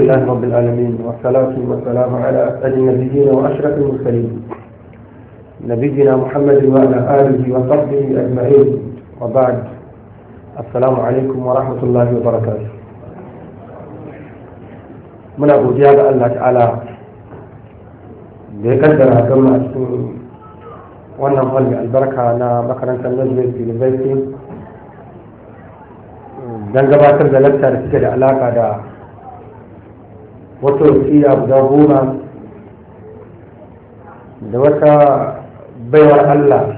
لله رب العالمين والصلاة والسلام على أسعد النبيين وأشرف المرسلين نبينا محمد وعلى آله وصحبه أجمعين وبعد السلام عليكم ورحمة الله وبركاته من أبو جاب الله تعالى بقدر كما أسمي وأنا مولي البركة أنا مكرنة النجم في البيت dan gabatar da lakta da suke da alaka da wata wasiya guda goma da wata baiwar allah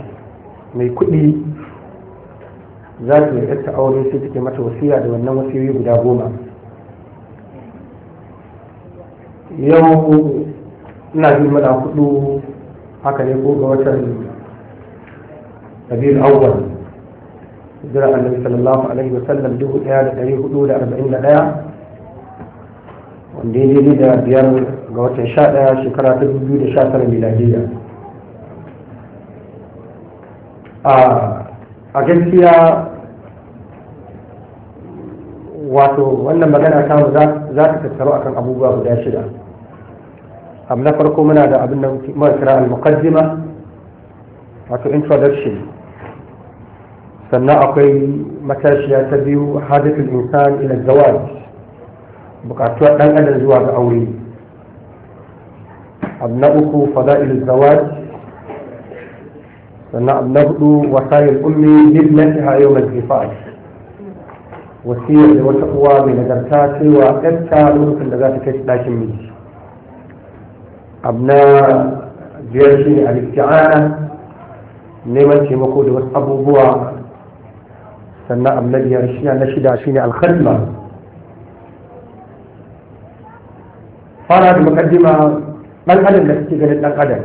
mai kuɗi za ta yi ta aure sai take mata wasiya da wannan wasiyoyi guda goma yau ina yi mada hudu haka ne ko ga watan rabiul awwal jira annabi sallallahu alaihi wasallam dubu daya da da arba'in da daidai da biyar ga watan sha daya shekara ta dubu da sha tara da a gaskiya wato wannan magana ta za ta tattaro akan abubuwa guda shida abu na farko muna da abin da muka kira al-muqaddima wato introduction sannan akwai matashiya ta biyu hadithul insan ila zawaj bukatuwar ɗan adam zuwa ga aure abu na uku fada'il zawaj sannan abu na hudu wasayil ummi libnatiha yawmal hifaz wasiyar da wata uwa mai nagarta cewa ɗanta lokacin da za ta kai ɗakin miji abu na biyar shi ne al-isti'ana neman taimako da wasu abubuwa sannan abu na biyar shi na shida shi ne al-khidma fara da mukaddima dan adam da kake ganin dan adam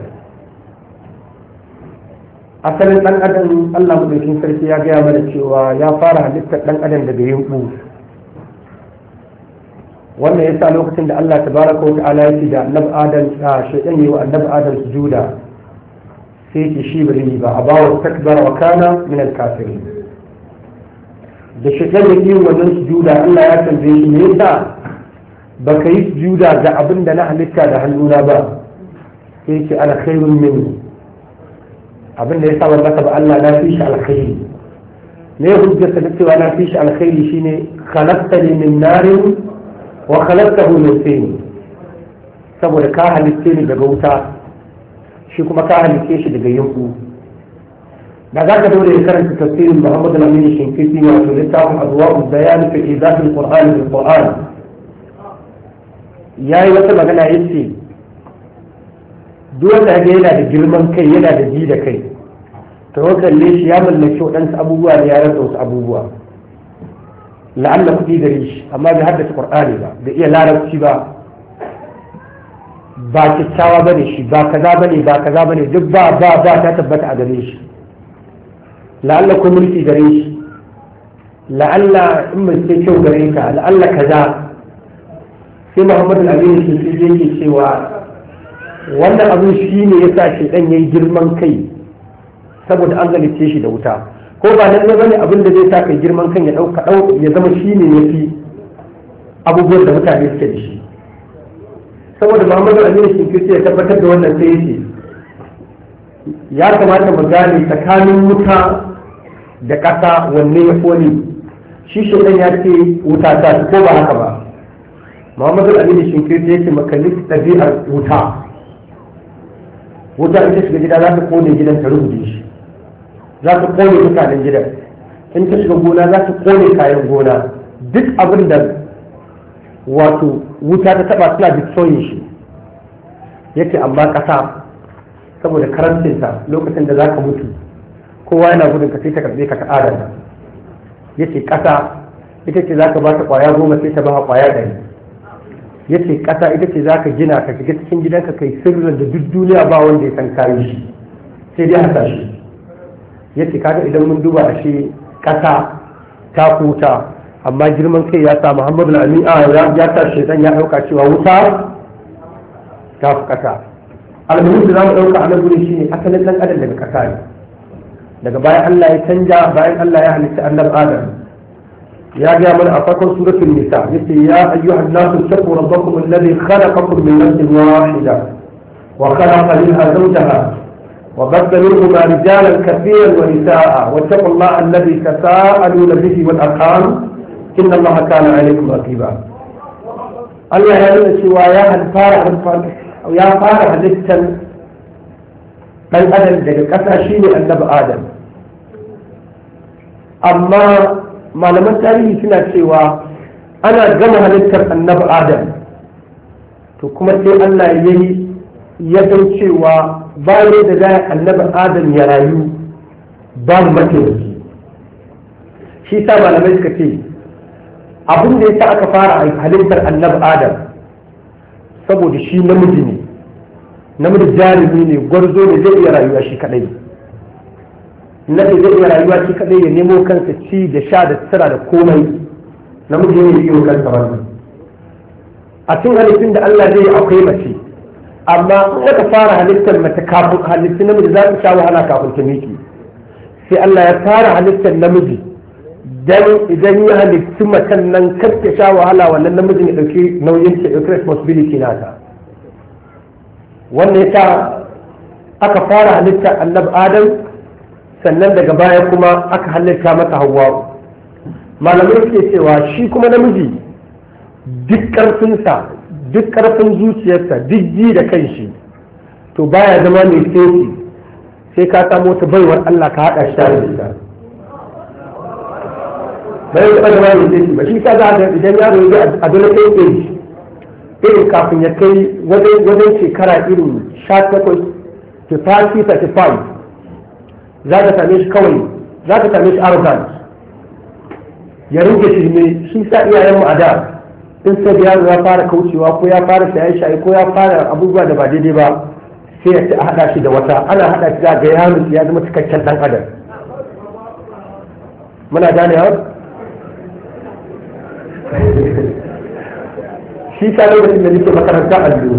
asalin dan adam Allah madaukin sarki ya gaya mana cewa ya fara halittar dan adam daga yunku wannan ya sa lokacin da Allah tabaraka wa ta'ala ya ce da annabi adam shaytan ne wa annabi adam sujuda sai ce shi bari ba a bawa takbara wa kana min al-kafirin da shaytan ne wannan sujuda Allah ya tambaye shi me yasa ba ka yi juda ga abin da na halitta da hannuna ba sai ce alkhairun min abin da ya saba masa ba Allah na fi shi alkhairi ne hujjarsa ta cewa na fi shi alkhairi shine ne min narin wa khalaqtahu min tin saboda ka halitte ni daga wuta shi kuma ka halitte shi daga yanku da za ka dole ya karanta tafsirin muhammadu al Shinkiti wato littafin Adwa'u bayani fi izafin al-Qur'an bil-Qur'an ya yi wata magana ya ce duk wanda ga yana da girman kai yana da ji da kai to kalle shi ya mallaki waɗansu abubuwa da ya rasa wasu abubuwa la'alla kuɗi da shi amma bai haddasa ƙur'ani ba bai iya larabci ba ba kyakkyawa ne shi ba kaza ba ne ba kaza ba ne duk ba ba ba ta tabbata a gare shi la'alla ko mulki gare shi la'alla in mai kyau gare ka la'alla kaza sai muhammadu aminu fi yake cewa wannan abin shi ne ya sa shaidan ya yi girman kai saboda an zalice shi da wuta ko ba nan bane abin da zai sa kai girman kan ya dauka ya zama shi ne ya fi abubuwan da mutane suke da shi saboda muhammadu aminu shinkirti ya tabbatar da wannan sai yace ya kamata mu gane tsakanin wuta da ƙasa wanne ya fi wani shi shaidan ya ce wuta ta ko ba haka ba muhammadu aminu shinkirti yake makalli ɗabi'ar wuta wuta in shiga gida za ta kone gidan ta rubuta shi za ta kone mutanen gidan in ta shiga gona za ta kone kayan gona duk abin da wato wuta ta taba suna destroying shi yake amma kasa saboda karancinta lokacin da za ka mutu kowa yana gudun ka sai ta karbe ka ta adana yake kasa ita ce za ka ba ta kwaya goma sai ta ba kwaya ɗari ya ce ƙasa ita ce za ka gina ka shiga cikin gidanka kai sirrin da duk duniya ba wanda ya san kayi shi sai dai hasashe ya ce kaga idan mun duba a shi ƙasa ta kuta amma girman kai ya sa muhammadu al'ami a ya sa shaitan ya ɗauka cewa wuta ta fi ƙasa almuhim da za mu ɗauka a nan shi ne asalin ɗan adam daga ƙasa ne daga bayan allah ya canja bayan allah ya halitta annabi adam يا جماعة أفكر سورة النساء يا أيها الناس اتقوا ربكم الذي خلقكم من نفس واحدة وخلق منها زوجها وبث منهما رجالا كثيرا ونساء واتقوا الله الذي تساءلون به والأرحام إن الله كان عليكم رقيبا الله يعلم سوى يا الفارح يا فارح للتن بل أدم ذلك أتى شيء أدب آدم أما malaman tarihi suna cewa ana gama halittar annabi adam to kuma sai allah ya yi ya san cewa bayan da daya annabi adam ya rayu ba babu mataimaki shi sa malamai suka ce abin da ya sa aka fara halittar annabi adam saboda shi namiji ne namiji jarumi ne gwarzo ne zai iya rayuwa shi kadai nabi zai iya rayuwa shi kadai ya nemo kansa ci da sha da tsira da komai namiji ne yi kansa ba a cikin halittun da Allah zai yi akwai mace amma in aka fara halittar mace kafin halittun namiji za su sha wahala kafin ta miki sai Allah ya fara halittar namiji dan idan ya halittu macen nan kar ta sha wahala wannan namijin ya dauki nauyin ta dauki responsibility nata wannan ya aka fara halittar annabi Adam sannan daga baya kuma aka halitta mata hawa malamai ke cewa shi kuma namiji duk sa duk ƙarfin zuciyarsa duk ji da kan shi to baya zama mai tsoki sai ka samu wata baiwar Allah ka haɗa shi tare da bayan zama mai tsoki ba shi ka za a idan yaro ya a dole ɗaya ɗaya irin kafin ya kai wajen shekara irin sha takwas to ta za ka same shi kawai za ka same shi arrogant ya rinke shi ne shi sa iyayenmu a da in sai yaro ya fara kaucewa ko ya fara shaye-shaye ko ya fara abubuwa da ba daidai ba sai ya ce a hada shi da wata ana hada shi ga yaro ya zama cikakken dan adam muna gane yawon shi sa lokacin da nake makaranta a allo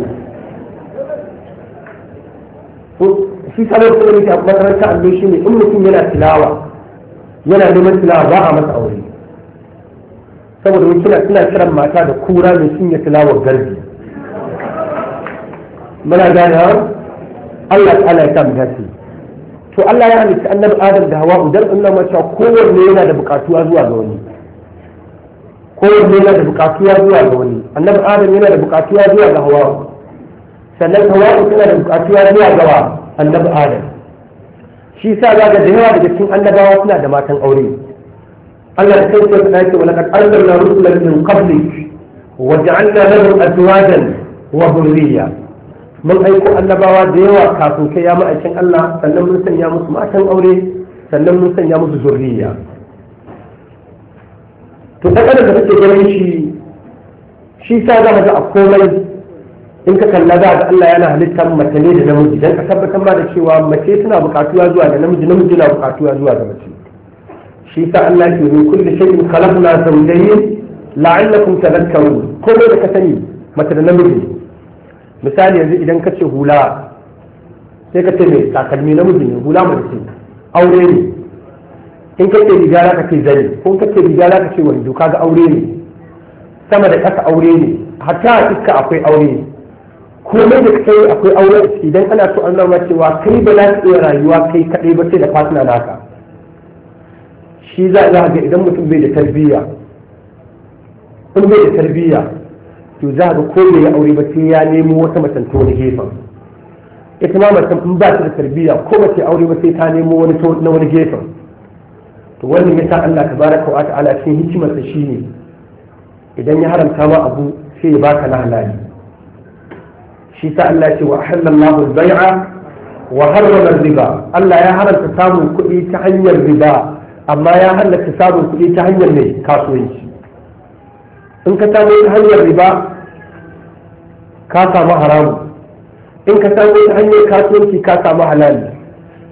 shi kamar da yake a makaranta allo shi ne in mutum yana tilawa yana neman tilawa ba a masa aure saboda mun kina suna kiran mata da kura mai yi tilawa garbi muna gane Allah ta'ala ya ta ce, to Allah ya halitta annabi Adam da Hawwa dan Allah ma cewa kowanne yana da bukatuwa zuwa ga wani kowanne yana da bukatuwa zuwa ga wani annabi Adam yana da bukatuwa zuwa ga Hawwa sannan Hawwa tana da bukatuwa zuwa ga wani annabi adam shi sa za ga jihar da yawa cikin annabawa suna da matan aure Allah ya kai ta faɗa ce wa laqad arsalna rusulan min qablik wa ja'alna lahum azwajan wa dhurriyya mun aiko annabawa da yawa kafin kai ya ma'aikin Allah sannan mun sanya musu matan aure sannan mun sanya musu zurriya to da kada da kake ganin shi shi sa za mu ga a komai in ka kalla da Allah yana halittar mace ne da namiji dan ka tabbatar ma da cewa mace tana bukatuwa zuwa ga namiji namiji na bukatuwa zuwa ga mace shi sa Allah ke yi kulli shay'in khalaqna zawjayn la'allakum tadhakkarun komai da ka sani mace da namiji misali yanzu idan ka ce hula sai ka ce me takalmi namiji ne hula mace aure ne in ka ce rigara za ka ce zani ko ka ce rigara za ka ce doka ga aure ne sama da ƙasa aure ne hatta iska akwai aure ne komai da kai akwai auren idan ana so an nuna cewa kai ba za ka iya rayuwa kai kaɗai ba sai da fatina naka shi za a ga idan mutum bai da tarbiyya in bai da tarbiyya to za a ga ko bai aure ba sai ya nemo wata mace ta wani gefen ita ma macen in ba ta da tarbiyya ko ba ta aure ba sai ta nemo wani na wani gefen to wannan yasa Allah tabaraka wa ta'ala cikin hikimarsa shine idan ya haramta ma abu sai ya baka na halali شتاء التي وأحل الله البيع وحرم الربا ألا يا هل التساب كل تحي الربا أما يا هل التساب كل تحي لي كاسوي إن كتابوا تحي الربا كاسا محرم إن كتابوا تحي كاسوي كاسا محلال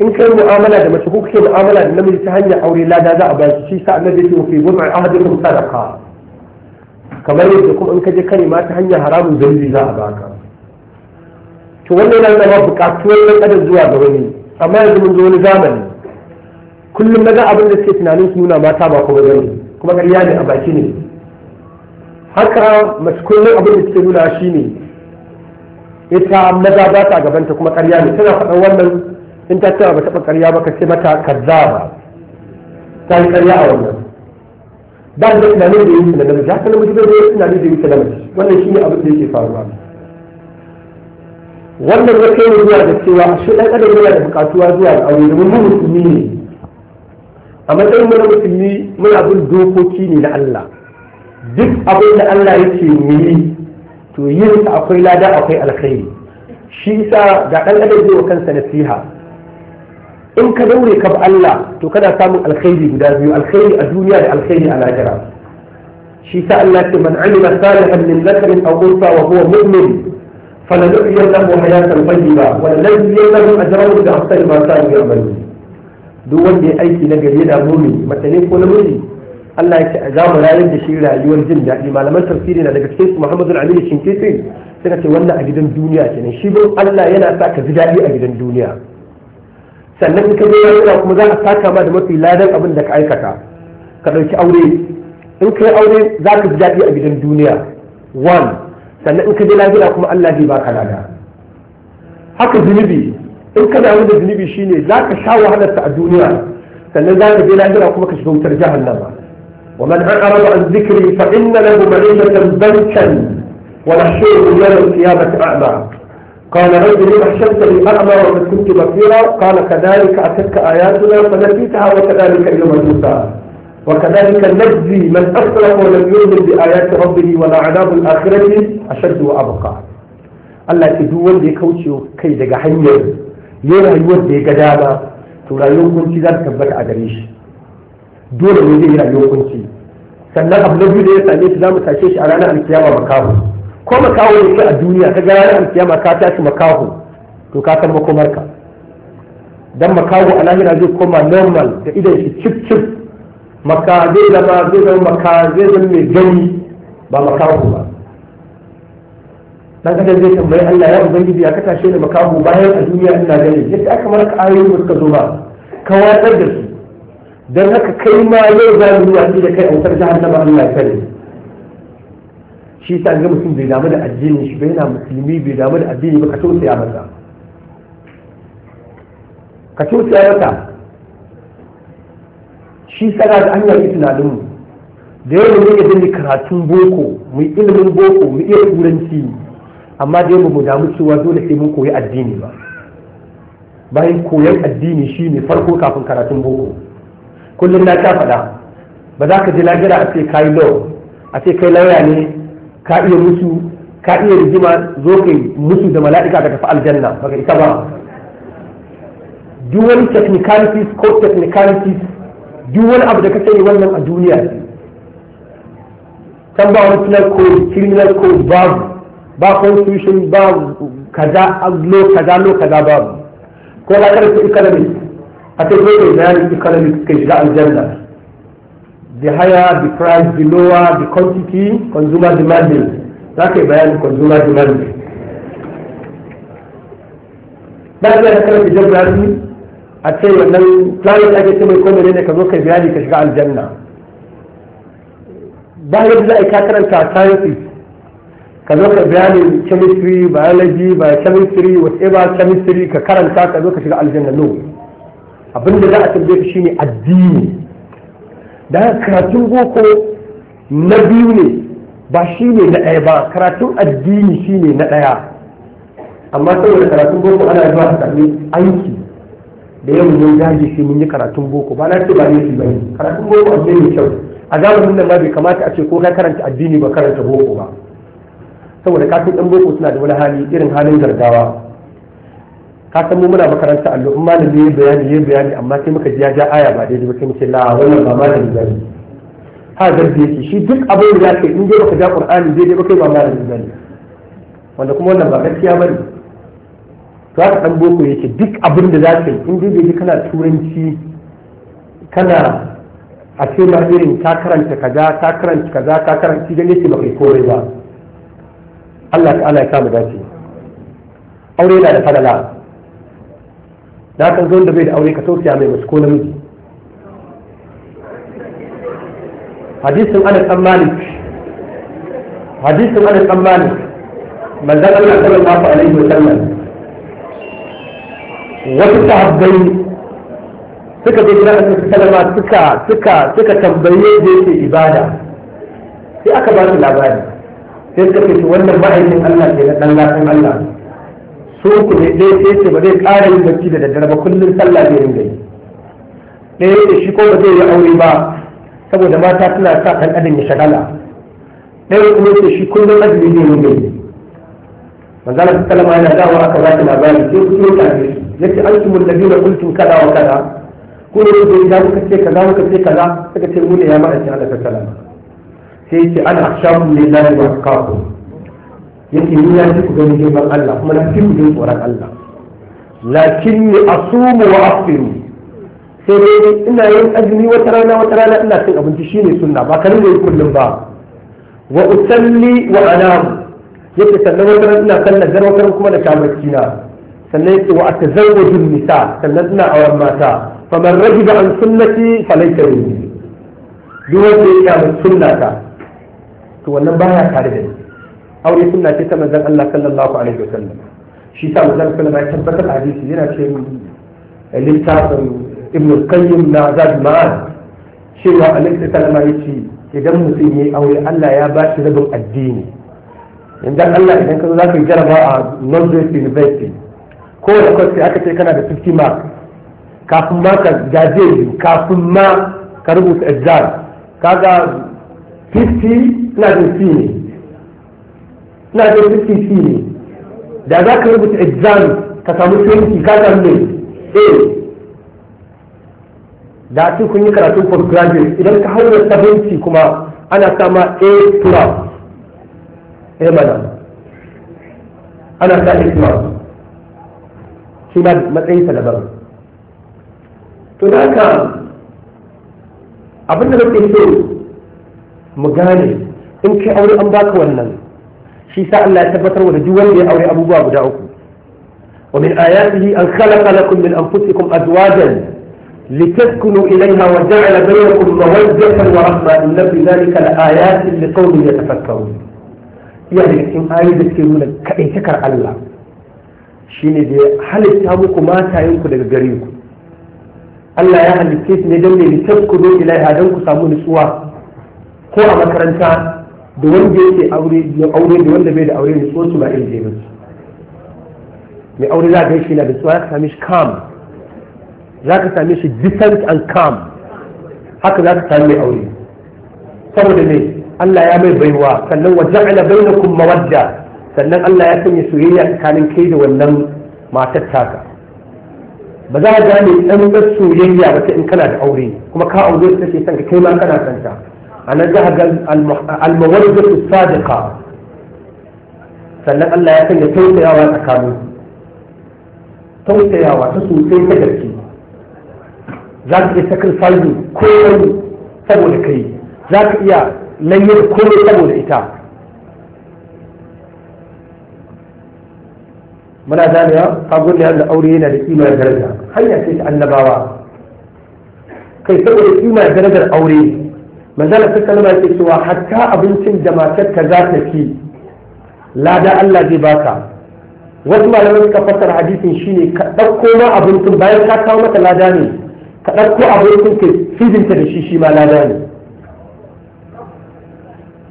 إن كان معاملة ما تقول كي معاملة لم يتحي أو لا ذا ذا أبا شتاء الذي في وضع أهدكم صدقة كما يجب أن تكون كلمات حرام زي ذا أباكم to wannan yana zama bukatuwar wani kadan zuwa ga wani amma yanzu mun zo wani zamani kullum na ga abin da suke tunanin su nuna mata ba kuma gani kuma ƙarya ne a baki ne haka masu kullum abin da suke nuna shi ne ita maza ba ta gabanta kuma ƙarya ne tana faɗan wannan in ta ba taɓa ƙarya ba ka ce mata kaza ba ta yi ƙarya a wannan ba da tunanin da yi tunanin da ya tunanin da yi tunanin da ya tunanin wannan shi ne abin da yake faruwa wannan ya kai zuwa da cewa a shi ɗan adam yana da buƙatuwa zuwa ga aure domin mu musulmi ne a matsayin mu na musulmi muna bin dokoki ne na Allah duk abin da Allah yake mu yi to yin sa akwai lada akwai alkhairi shi da ga ɗan adam zai wa kansa nasiha in ka daure ka bi Allah to kana samun alkhairi guda biyu alkhairi a duniya da alkhairi a lahira shi Allah ce man amila salihan min zakarin aw unsa wa huwa mu'min فلنحيينه حياة طيبة ولنجزينهم أجرهم بأحسن ما كانوا يعملون duk wanda ya aiki na gari yana mumi mace ne ko namiji Allah ya ce za mu rayar da shi rayuwar jin daɗi malaman tafsiri na daga cikin su Muhammadu Aliyu Shinkiti suka ce wannan a gidan duniya kenan shi don Allah yana sa ka ji daɗi a gidan duniya sannan ka je yana kuma za a saka ma da mafi ladan abin da ka aikata ka ɗauki aure in kai aure za ka ji daɗi a gidan duniya one sannan in ka je lafiya kuma Allah zai baka lada haka zunubi in ka damu da zunubi shine za ka sha wahalarsa a duniya sannan za ka je lafiya kuma ka shiga wutar jahannama ومن أعرض عن ذكري فإن له معيشة ضنكا ونحشره يوم القيامة أعمى قال رب لم أحشرتني أعمى وقد كنت بصيرا قال كذلك أتتك آياتنا فنسيتها وكذلك اليوم تنسى وكذلك نجزي من أسرف ولم يؤمن بآيات ربه ولا عذاب الآخرة أشد وأبقى Allah ke duk wanda ya kauce kai daga hanyar ya rayuwar da ya ga dama to rayuwar za ta tabbata a gare shi dole ne zai yi rayuwar kunci sannan abu da ya same shi zamu mu shi a ranar alkiyama makaho ko makaho ne a duniya ta ga ranar alkiyama ka tashi makaho to ka san makomarka dan makaho a lahira zai koma normal da idon shi cif cif Maka zai zama zai zama maka zai zama mai gani ba makahu ba dan kadan zai tambayi Allah ya ubangiji ya kata shi da makahu bayan a duniya ina gani yace aka marka ayoyin da suka zo ba ka watsar da su dan haka kai ma yau za mu yi da kai a wutar jahannama Allah ya kare shi sa ga mutum bai damu da addini shi bai na musulmi bai damu da addini ba ka ya masa ka ya masa shi sana da hanyar yi tunaninmu da yau ne yadda ne karatun boko mu ilimin boko mu iya turanci amma da yau mu damu cewa dole sai mun koyi addini ba bayan koyon addini shi ne farko kafin karatun boko kullum na ta faɗa ba za ka je lagira a ce yi law a ce kai lauya ne ka iya musu ka iya rigima zo yi musu da mala'ika ga tafi aljanna ka isa ba duwani wani technicalities ko technicalities duk wani abu da ka sani wannan a duniya can ba wani penal code criminal code babu ba constitution ba kaza lo kaza lo kaza babu ko ka karanta economics a ta zo da yi economics ka shiga aljanna the higher the price the lower the quantity consumer demanding za ka yi bayanin consumer demanding ba ka yi karanta geography a ce wannan tsarin ake ce mai komai ne ka zo kai bayani ka shiga aljanna Ba da za a ka karanta sciences ka zo ka bayanin chemistry biology chemistry whatever chemistry ka karanta ka zo ka shiga aljanna no abinda za a tambaye shi shine addini da karatun boko na biyu ne ba shi ne na ɗaya ba karatun addini shi ne na ɗaya amma saboda karatun boko ana zuwa a aiki da yau mun daji shi mun yi karatun boko ba na ce ba ne ba karatun boko a ne kyau a zamanin nan ma bai kamata a ce ko ka karanta addini ba karanta boko ba saboda kafin ɗan boko suna da wani hali irin halin gargawa ka san mu muna makaranta allo in malami ya bayani ya bayani amma sai muka ji ya ja aya ba daidai ba sai muke la wannan ba malami ba ha garbi yake shi duk abin da ya in dai baka ja qur'ani daidai ba kai ba malami ba wanda kuma wannan ba gaskiya bane za ka ɗan boko yake duk abin da za ka yi in dai kana turanci kana a ce ma irin ka karanta kaza ta karanta kaza ka karanta idan yake ba kai kore ba Allah ala ya samu dace aure yana da fadala na kan zo da bai da aure ka tausaya mai masu ko namiji hadisin ana tsammani hadisin ana tsammani malik Allah sallallahu alaihi wa sallam wasu sahabbai suka je gidan annabi sallama suka suka suka tambaye da yake ibada sai aka ba su labari sai suka ce wannan ma'aikin Allah ke na dan lafin Allah so ku ne dai sai ce ba zai ƙara yin bacci da daddare ba kullum sallah zai ringa yi ɗaya da shi ko ba zai yi aure ba saboda mata suna sa kan adam ya shagala ɗaya kuma ce shi kullum azumi zai ringa yi manzala sallama yana dawo aka ba su labari sai ku ta su yace antumul ladina qultum kada wa kada ko ne da idan kuka ce kaza kuka ce kaza suka ce mu ne ya ma'aikin Allah ta salama sai yace ana akhshahum lillahi wa aqaqu yace ni ya ji ku gani girman Allah kuma na fi ku jin tsoron Allah lakin lakinni asumu wa afiru sai dai ina yin azumi wata rana wata rana ina cin abinci shine sunna ba kanin da kullum ba wa usalli wa anam yake sannan wata rana ina sallar dare wata kuma da kamar kina sannan yake wa atazawwajun nisa sannan suna auren mata faman rajiba an sunnati falaita minni duk wanda ya kyamu sunnata to wannan baya tare da ni aure sunna ce ta manzon Allah sallallahu alaihi wasallam shi sa manzon sallallahu alaihi tabbatar hadisi yana ce littafin ibn al-qayyim na zad ma'an cewa alaihi sallama yace idan mutum yayi aure Allah ya ba shi rabin addini yanzu Allah idan ka zo za ka yi jaraba a Northwest University kowane kwas aka ce kana da 50 mark kafin ma ka gaje biyu kafin ma ka rubuta exam kaga 50 na jin ne na jin 50 ne da za ka rubuta exam ka samu 20 ka samu ne a da su kun yi karatu postgraduate idan ka haura 70 kuma ana sama a plus a mana ana sa a plus shi ma matsayinsa daban to da haka abin da nake so mu gane in kai aure an baka wannan shi sa Allah ya tabbatar wa da duk wanda ya aure abubuwa guda uku wa min ayatihi an khalaqa lakum min anfusikum azwajan لتسكنوا إليها وجعل بينكم مودة ورحمة إن في ذلك لآيات لقوم يتفكرون يعني إن آية تكلمون كأي شكر الله shine da halitta muku matayenku daga gare ku Allah ya halitta su ne don mai litan ku zo ilaiha don ku samu nutsuwa ko a makaranta da wanda yake aure da aure da wanda bai da aure ne su ba irin jebin mai aure za ka gaishe na da tsuwa ya same shi calm za ka same shi distant and calm haka za ka sami mai aure saboda ne Allah ya mai baiwa sannan wa ja'ala bainakum mawadda sannan Allah ya sanya soyayya tsakanin kai da wannan matar taka ba za a gane tsantsar soyayya ba sai in kana da aure kuma ka aure ta ce sanka kai ma kana santa a nan za a ga almawarzatu sadiqa sannan Allah ya sanya tausayawa tsakanin tausayawa ta sosai ta gaske za ka iya sacrifice komai saboda kai za ka iya lanyar komai saboda ita muna ganewa sabon da Allah aure yana da kimar daraja hanya ce ta annabawa kai saboda kimar darajar aure manzala ta kalma ke cewa hatta abincin da matar ka za ta ci lada Allah zai baka wasu malamai suka fassara hadisin shine ka ɗauko ma abincin bayan ka kawo mata lada ne ka ɗauko abincin ka fidinta da shi shi ma lada ne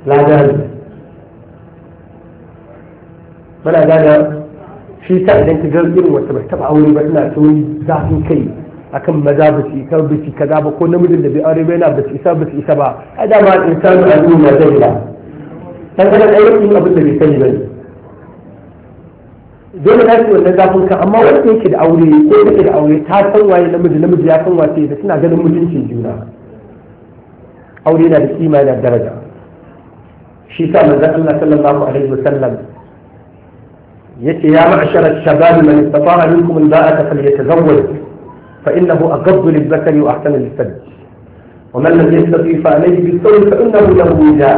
lada ne muna ganewa shi ta idan ka ga irin wacce ba taba aure ba tana tsoyi zafin kai akan maza ba su isa ba su kaza ba ko namijin da bai aure ba yana ba su isa ba su isa ba ai dama insanu al'umma zai ba dan kada dai yin abin da bai sani ba dole ta ce wannan zafin ka amma wanda yake da aure ko yake da aure ta san waye namiji namiji ya san wace da suna ganin mutuncin juna aure yana da kima yana daraja shi sa manzon Allah sallallahu alaihi wasallam yace ya ma'ashara shababi man istata'a minkum al-ba'ata falyatazawwaj fa innahu aghaddu lil-basari wa ahsanu lil-sadd wa man lam yastati fa alayhi bis-sawm fa innahu lahu wija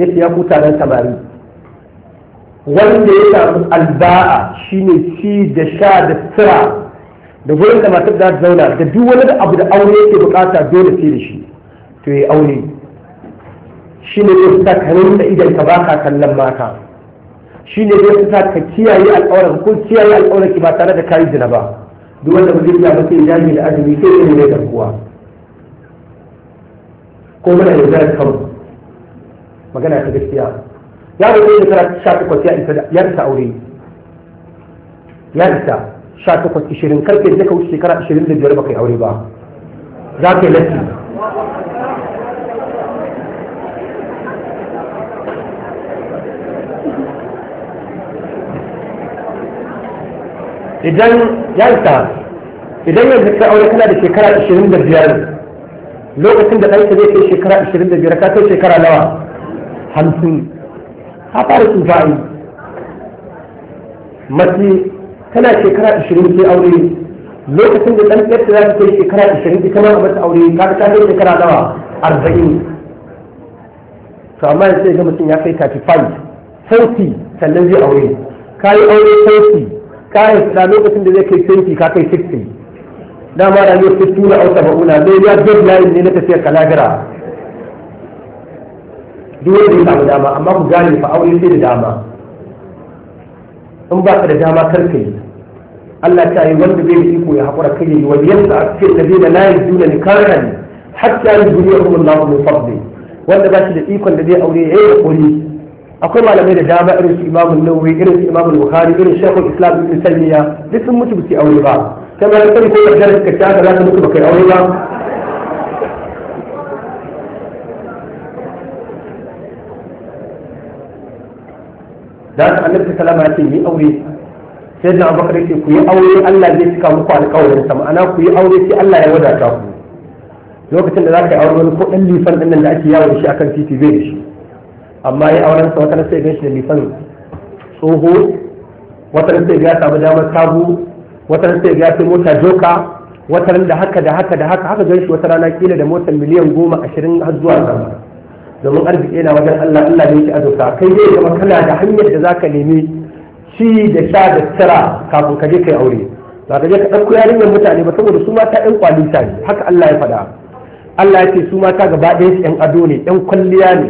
yace ya ku taron samari wanda ya samu alba'a shine ci da sha da sira da gurin da matar da zauna da duk wani da abu da aure yake bukata dole sai da shi to ya aure shi ne ya sa kanin da idan ka baka kallon mata shi ne zai kusa ka kiyaye al'aurar ko kiyaye al'aurar ki ba tare da kayi jina ba duk wanda ba zai iya ba sai da azumi sai ya mai garkuwa ko muna yaudarar kanmu magana ta gaskiya ya da ɗaya shekara sha takwas ya isa aure ya isa sha takwas ishirin karfe da ka wuce shekara ishirin da biyar ba kai aure ba za ka yi latti idan ya isa idan yanzu ka aure kana da shekara 25 lokacin da ɗansa zai kai shekara 25 ka kai shekara nawa hamsin ha fara tsufa yi mace tana shekara 20 ke aure lokacin da ɗansa yadda za ta kai shekara 20 ita ma a mata aure ka ta kai shekara nawa 40 to amma yanzu ya ga mutum ya kai 35 sauti sannan zai aure ka yi aure sauti kayan na lokacin da zai kai senti ka kai 60 dama da yau tura a wata ma'una zai ya deadline ne na tafiyar kalagara duk wanda ya samu dama amma ku gane fa aure sai da dama in ba ka da dama kar Allah ta yi wanda zai da iko ya haƙura kai yi wani yadda a cikin da zai da layin juna ne karani hatta yi duniya kuma Allah min fabbe wanda ba shi da ikon da zai aure ya yi da akwai malamai da dama irin su imamu nawawi irin su imamu bukhari irin shaykhul islam ibn taymiya duk sun mutu bisi aure ba kai ma sai ko da ka ta da za ka mutu baka aure ba da su annabi sallama ya ce yi aure sai da abubakar yake ku yi aure Allah zai cika muku alƙawarin sa ma'ana ku yi aure sai Allah ya wadata ku lokacin da za ka yi aure ko ɗan lifan ɗin nan da ake yawo da shi akan titi zai da shi amma ya auren sa wata sai gashi da nisan tsoho wata sai ya samu damar sabu wata sai ya sai mota joka wata da haka da haka da haka haka ganshi wata rana kila da motar miliyan goma ashirin har zuwa sama domin arziki yana wajen Allah Allah ne yake azuka kai zai zama kana da hanyar da zaka nemi ci da sha da tsira kafin ka je kai aure ba ka je ka ɗauko yarinyar mutane ba saboda su mata ƴan kwalita ne haka Allah ya faɗa Allah ya ce su mata gaba ɗaya ƴan ado ne ƴan kwalliya ne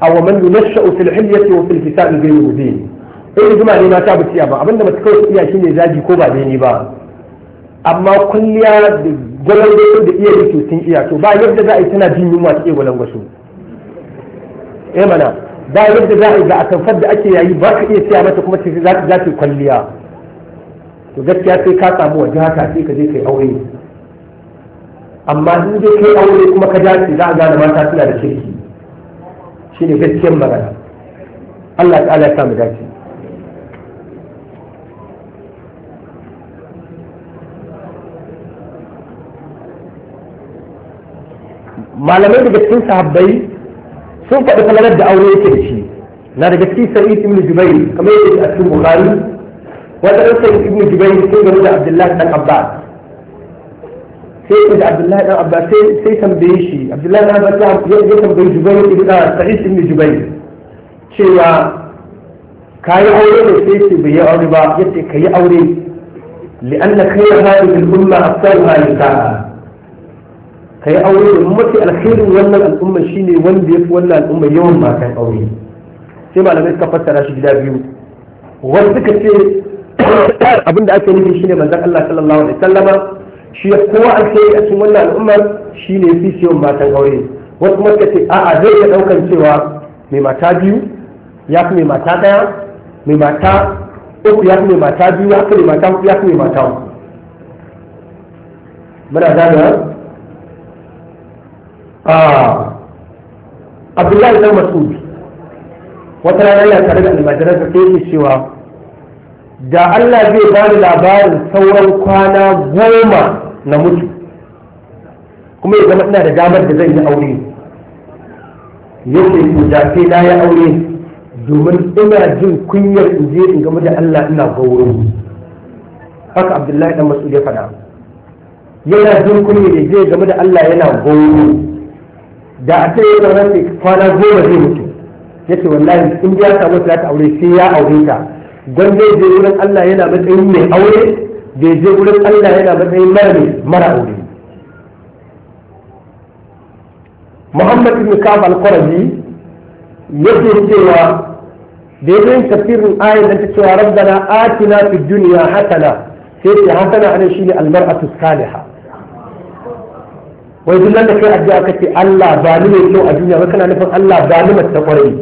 aw man yunasha'u fil hilyati wa fil hisabi ghayr mubin eh juma ne mata ba ciya ba abinda mata kawai iya shine zagi ko ba ne ba amma kulliya da gwalangwaso da iya yi sun iya to ba yadda za yi tana jin yunwa ta iya gwalangwaso eh mana ba yadda za a yi ga a tamfar da ake yayi ba ka iya siya mata kuma za ta kwalliya to gaskiya sai ka samu waje haka sai ka je kai aure amma in dai kai aure kuma ka dace za a gane mata suna da kirki shi ne gaskiyar magana Allah ta'ala ya samu dace malamai daga cikin sahabbai sun faɗi falalar da aure yake da shi na daga cikin sa'i ibn jubair kamar yadda a cikin bukhari wata ɗan sa'i ibn jubair sun gani da abdullahi dan abbas sai da abdullahi dan Abba sai sai tambaye shi abdullahi dan abbas ya tambaye jubair ibn sa'id ibn jubair cewa kayi aure ne sai ce bai yi aure ba yace kayi aure li'anna khayra hadhihi al-umma afsaluha lisa'a kai aure da mafi alkhairin wannan al'umma shine wanda yafi wannan al'umma yawan matan aure sai malamai suka fassara shi gida biyu wasu suka ce abinda ake nufi shine manzon Allah sallallahu alaihi wasallama shi ya kowa a sai a cikin wannan al'ummar shi ne fi siyon matan aure wasu mata ce a'a zai iya daukan cewa mai mata biyu ya fi mai mata ɗaya mai mata uku ya fi mai mata biyu ya fi mai mata uku ya fi mai mata uku muna gane a abdullahi dan masud wata rana yana tare da da ta yi cewa da Allah zai bani labarin sauran kwana goma na mutu kuma ya zama ina da damar da zan yi aure yake to da sai na yi aure domin ina jin kunyar in je in game da Allah ina gaurin haka Abdullahi dan masu ya fada yana jin kunyar da je game da Allah yana gaurin da a ce yana kwana goma zai mutu yace wallahi in ya samu ta aure sai ya aure ta gwanda zai je wurin Allah yana matsayin mai aure da ya je wurin Allah yana matsayin mara mai mara aure Muhammad ibn Ka'ab al-Qurazi yake cewa da yake yin tafsirin ayat da ta cewa rabbana atina fid dunya hasana sai ce hasana ana shine al-mar'atu salihah wai duk da kai addu'a kace Allah ba ni mai kyau a duniya ba kana nufin Allah ba ni mai kwarai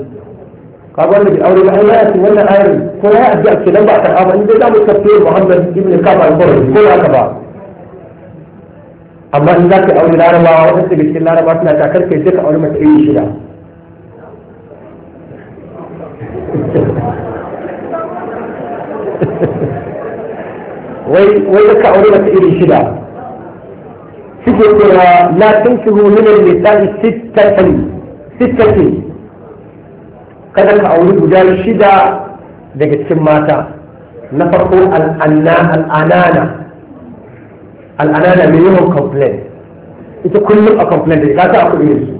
ka wanda bai aure ba an ya ce wannan ayar ko ya addu'a ce dan ba a karɓa ba in dai za mu tafsir Muhammad ibn Ka'ab al-Qurayshi ko haka ba amma in za ka aure larabawa waɗansu da cikin larabawa suna ta karka je ka aure mace iri shida wai wai ka aure mace iri shida suke cewa la tunkihu min al-nisa'i sittatan sittatan kada ka auri guda shida daga cikin mata na farko al'anana al'anana mai yawan complain ita kullum a complain da ta ta kuɗi su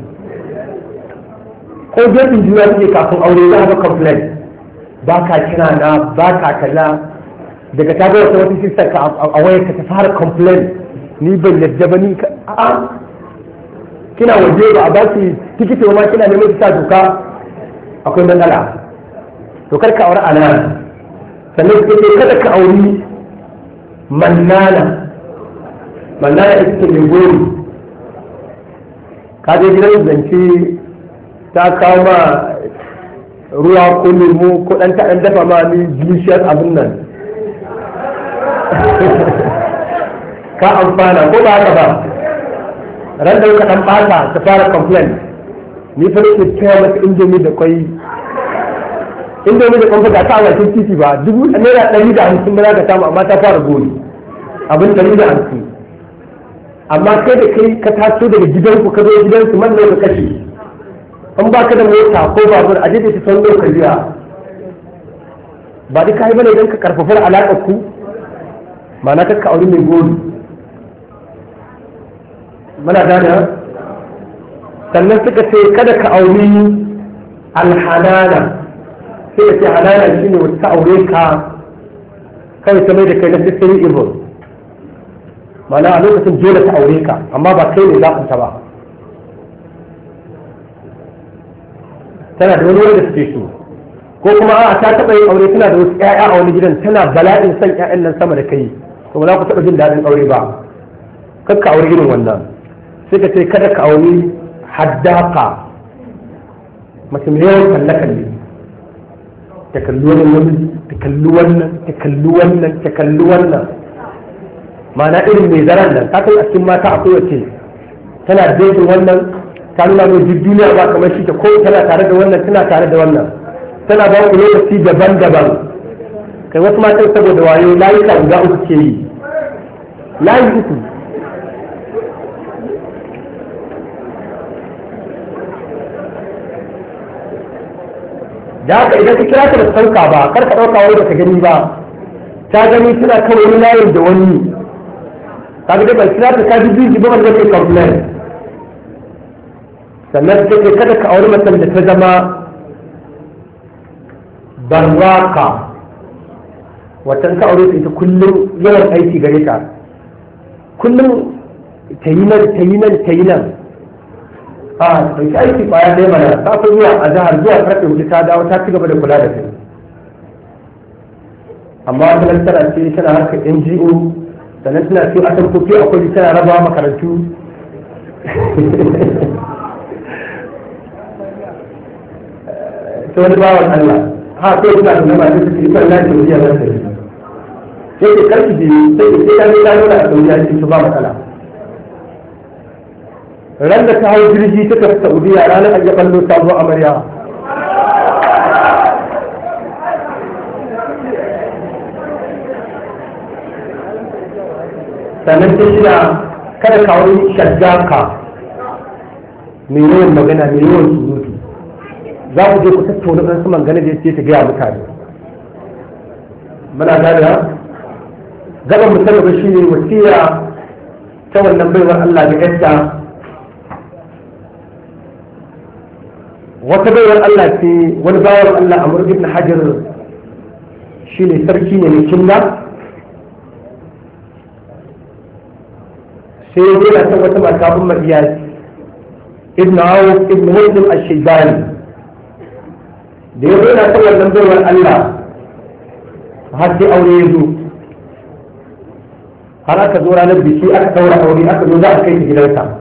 ko gefen juna suke kafin aure za ka complain ba ka kira na ba ka kalla daga ta ga wata wata sister ka a waya ka ta fara complain ni ban yadda ba ni ka a'a kina waje ba a ba su tikiti ma kina neman su sa doka akwai dangana to kar ka aure alana sannan suka ce kada ka auri mannana mannana ita ce mai gori ka je gidan zance ta kawo ma ruwa ko lemu ko ɗan ta ɗan dafa ma ni delicious abin nan ka amfana ko ba haka ba ran da ka ɗan ɓata ta fara complain ni fa nake taya mata indomi da kwai inda wani da kwamfa da ta a bakin titi ba dubu naira ɗari da hamsin ba za ka samu amma ta fara gori abin ɗari da hamsin amma kai da kai ka taso daga gidanku ka zo gidansu man da kashi kashe an ba ka da mota ko babur a je da ta sauran ka jira ba duka yi bane idan ka karfafar alaƙar ku ma'ana kakka auri mai gori muna dada sannan suka ce kada ka auri alhanana sai ya ce halala shi ne wata ta aure ka kawai ta mai da kai na sistemi evil mana a lokacin dole ta aure ka amma ba kai ne ta ba tana da wani wanda suke so ko kuma a ta taɓa yin aure tana da wasu ƴaƴa a wani gidan tana bala'in son ƴaƴan nan sama da kai to ba za ku taɓa jin daɗin aure ba kar ka aure irin wannan sai ka ce kada ka aure haddaka mace mai yawan kalle-kalle ta kalli wannan wani ta kalli wannan ta kalli wannan ta kalli wannan ma'ana irin mai zaran nan ta kai a cikin mata akwai wace tana jirgin wannan ta nuna mai duk duniya ba kamar shi ta ko tana tare da wannan tana tare da wannan tana ba ku lokaci daban-daban kai wasu matan saboda wayo layuka guda uku ke yi layi uku da haka idan ka kira ta da sauka ba kar ka ɗauka wani ka gani ba ta gani suna kan wani layin da wani ka ga ba kira ta ka ji jiji ba wanda kai complain sannan ta ke kada ka auri mutum da ta zama barraka watan ka aure ita kullum yawan aiki gare ta kullum ta yi nan ta yi nan ta yi nan a ah, ɗauki aiki ƙwaya ɗaya mana ta fi zuwa a jihar zuwa karfe hudu ta dawo ta ci gaba da kula da kai amma wata tana ce tana harkar ngo sannan tana ce a tankofi akwai tana raba makarantu ta wani bawan Allah ha ko ina da nama da take ita Allah ke biya mata sai ke karki bi sai ke ta ta nuna a sauya ce su ba matsala ran da ta hau jirgi ta tafi saudiya ranar an ya kallo ta zo amarya sannan ta shida kada ka wani shaggaka mai yawan magana mai yawan surutu za ku je ku tattauna ɗan saman gane da ya ta gaya mutane muna gane gaban musamman shi ne wasiya ta wannan baiwar Allah da yadda wata bayar Allah ce wani bawan Allah a Amr na Hajar shi ne sarki ne mai kinna sai ya zo san wata mata bin mabiya ibn Awf ibn Muslim al-Shaybani da ya zo san wannan bayar Allah har sai aure ya zo har aka zo ranar biki aka daura aure aka zo za a kai ta gidansa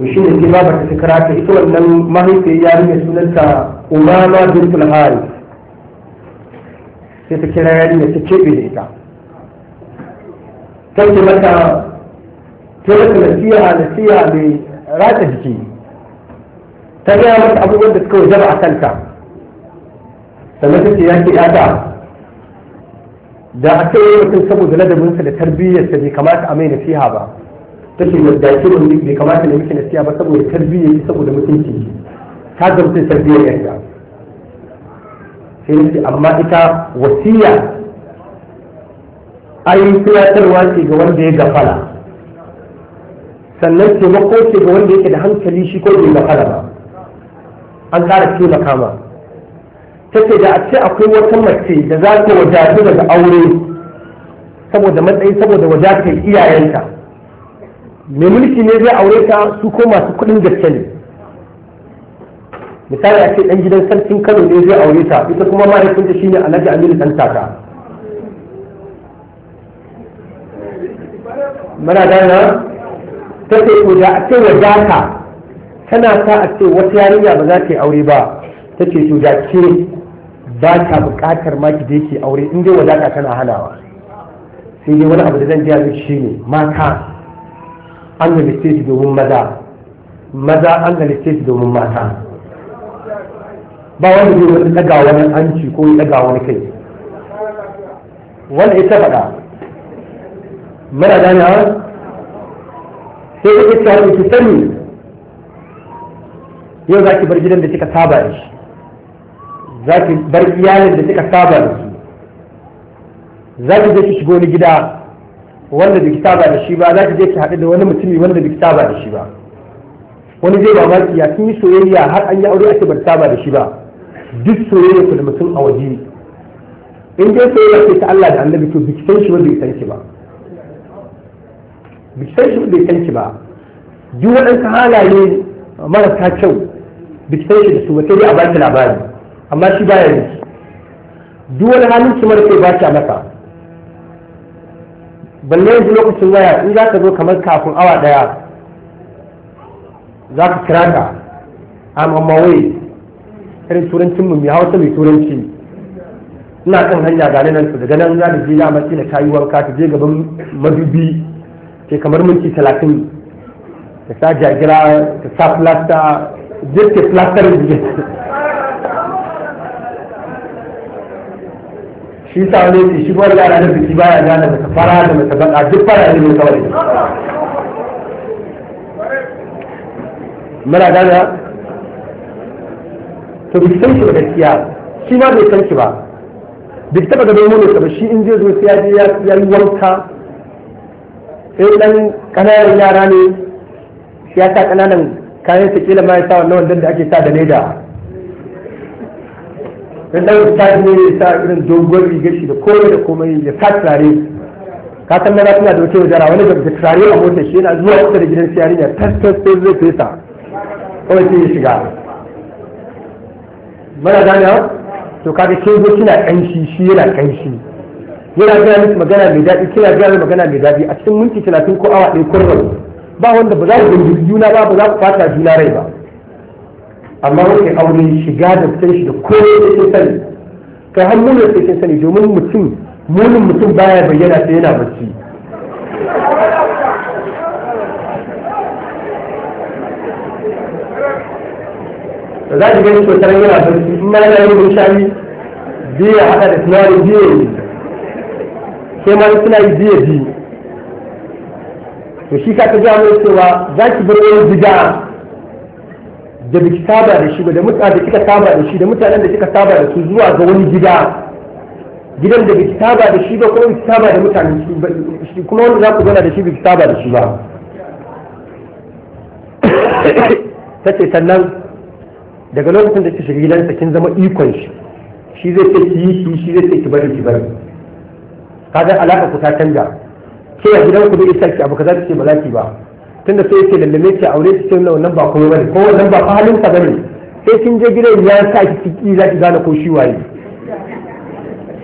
to shi ne sai ba ta kira ta ita wannan mahaifiyar yarinya sunanta umama bintul hari sai ta kira yarinya ta keɓe da ita ta ce mata ta mata nasiya nasiya mai rata jiki ta gaya mata abubuwan da suka wajaba a kanta sannan ta ce ya ke yata da a yi mutum saboda ladabinsa da tarbiyyarsa bai kamata a mai nasiha ba take da ke wanda bai kamata na miki nasiya ba saboda tarbiyya ne saboda mutunci ta zarce tarbiyyar yarda sai nace amma ita wasiya ai tunatarwa ce ga wanda ya gafala sannan taimako ce ga wanda yake da hankali shi ko bai gafala ba an ƙara taimaka ma take da a ce akwai wata mace da za ta wadatu daga aure saboda matsayi saboda wadatar iyayenta mai mulki ne zai aure ta su ko masu kuɗin gaske ne misali a ce ɗan gidan sarkin kano ne zai aure ta ita kuma mahaifinta shine alhaji aminu ɗan tata mana dana ta ce ko da a ce wadata tana sa a ce wata yarinya ba za ta yi aure ba ta ce to da ke ba ta buƙatar maki da ke aure in dai wadata tana hanawa sai dai wani abu da zan biya shi ne mata an halitte shi domin maza maza an halitte shi domin mata ba wanda zai wani daga wani hanci ko ya daga wani kai wanda ita faɗa mara gane sai ta ita wani ki sani yau za ki bar gidan da kika saba da shi za ki bar iyalin da kika saba da shi za ki je ki shigo ni gida wanda biki saba da shi ba za ki je ki haɗu da wani mutumi wanda biki saba da shi ba wani zai ba maki ya kin yi soyayya har an yi aure ake ba saba da shi ba duk soyayya ku da mutum a waje in dai soyayya ce ta Allah da Annabi to biki san shi wanda bai san ba biki san shi wanda bai san ba duk waɗansu halaye marasa kyau biki san shi da su ba sai dai a baki labari amma shi baya yi duk wani halin ki mara kai ba ki a masa balle yanzu lokacin waya in za ka zo kamar kafin awa ɗaya za ka kira ka I'm on irin turancin mu mai hausa mai turanci ina kan hanya ga nan daga nan za da je ya matsi na kayi wanka ta je gaban madubi ke kamar minti talatin ta sa jagira ta sa filasta jirke filastar jirgin shi sa wani yake shi gwar yara da biki baya gane mata fara da mata baka duk fara ne mai kawai muna gane to biki san shi ba gaskiya shi ma bai san shi ba biki taba gaban mu ba shi in zai zo sai ya ya yi wanka sai dan kananan yara ne ya sa kananan kayan sakila ma ya sa wannan wanda ake sa da leda dan dan ustaz ne ya sa irin dogon rigar shi da komai da komai ya sa turare ka san na tana da wata wajara wani da ta turare a motar shi yana zuwa kusa da gidan siyari ne tas tas tas zai fesa kawai sai ya shiga mana ganewa to kaga ke zo kina kanshi shi yana kanshi yana gaya miki magana mai daɗi kina gaya magana mai daɗi a cikin minti talatin ko awa ɗaya kun ba wanda ba za ku gangi juna ba ba za ku fata juna rai ba amma wani aure shiga da fitar shi da kowa da sani kai har da cikin sani domin mutum munin mutum baya bayyana sai yana bacci za ki gani cutar yana barci in ma yana yin munshari biya haka da tunanin biya yi sai ma suna yi biya biyu to shi ka ta gano cewa za ki bar wani gida da biki saba da shi ba da mutane da kika saba da shi da mutanen da kika saba da su zuwa ga wani gida gidan da biki saba da shi ba kuma biki saba da mutane shi kuma wanda za ku gana da shi biki saba da shi ba ta ce sannan daga lokacin da ki shiga gidansa kin zama ikon shi shi zai ce ki yi shi shi zai ce ki bari ki bari kaga alaka ku ta canja ke gidan ku da isa ki abu kaza ki ce ba za ki ba tunda sai yake lallame ki aure shi sai wannan ba komai bane ko wannan ba halin ka bane sai kin je gidan ya sa ki za ki gane ko shi waye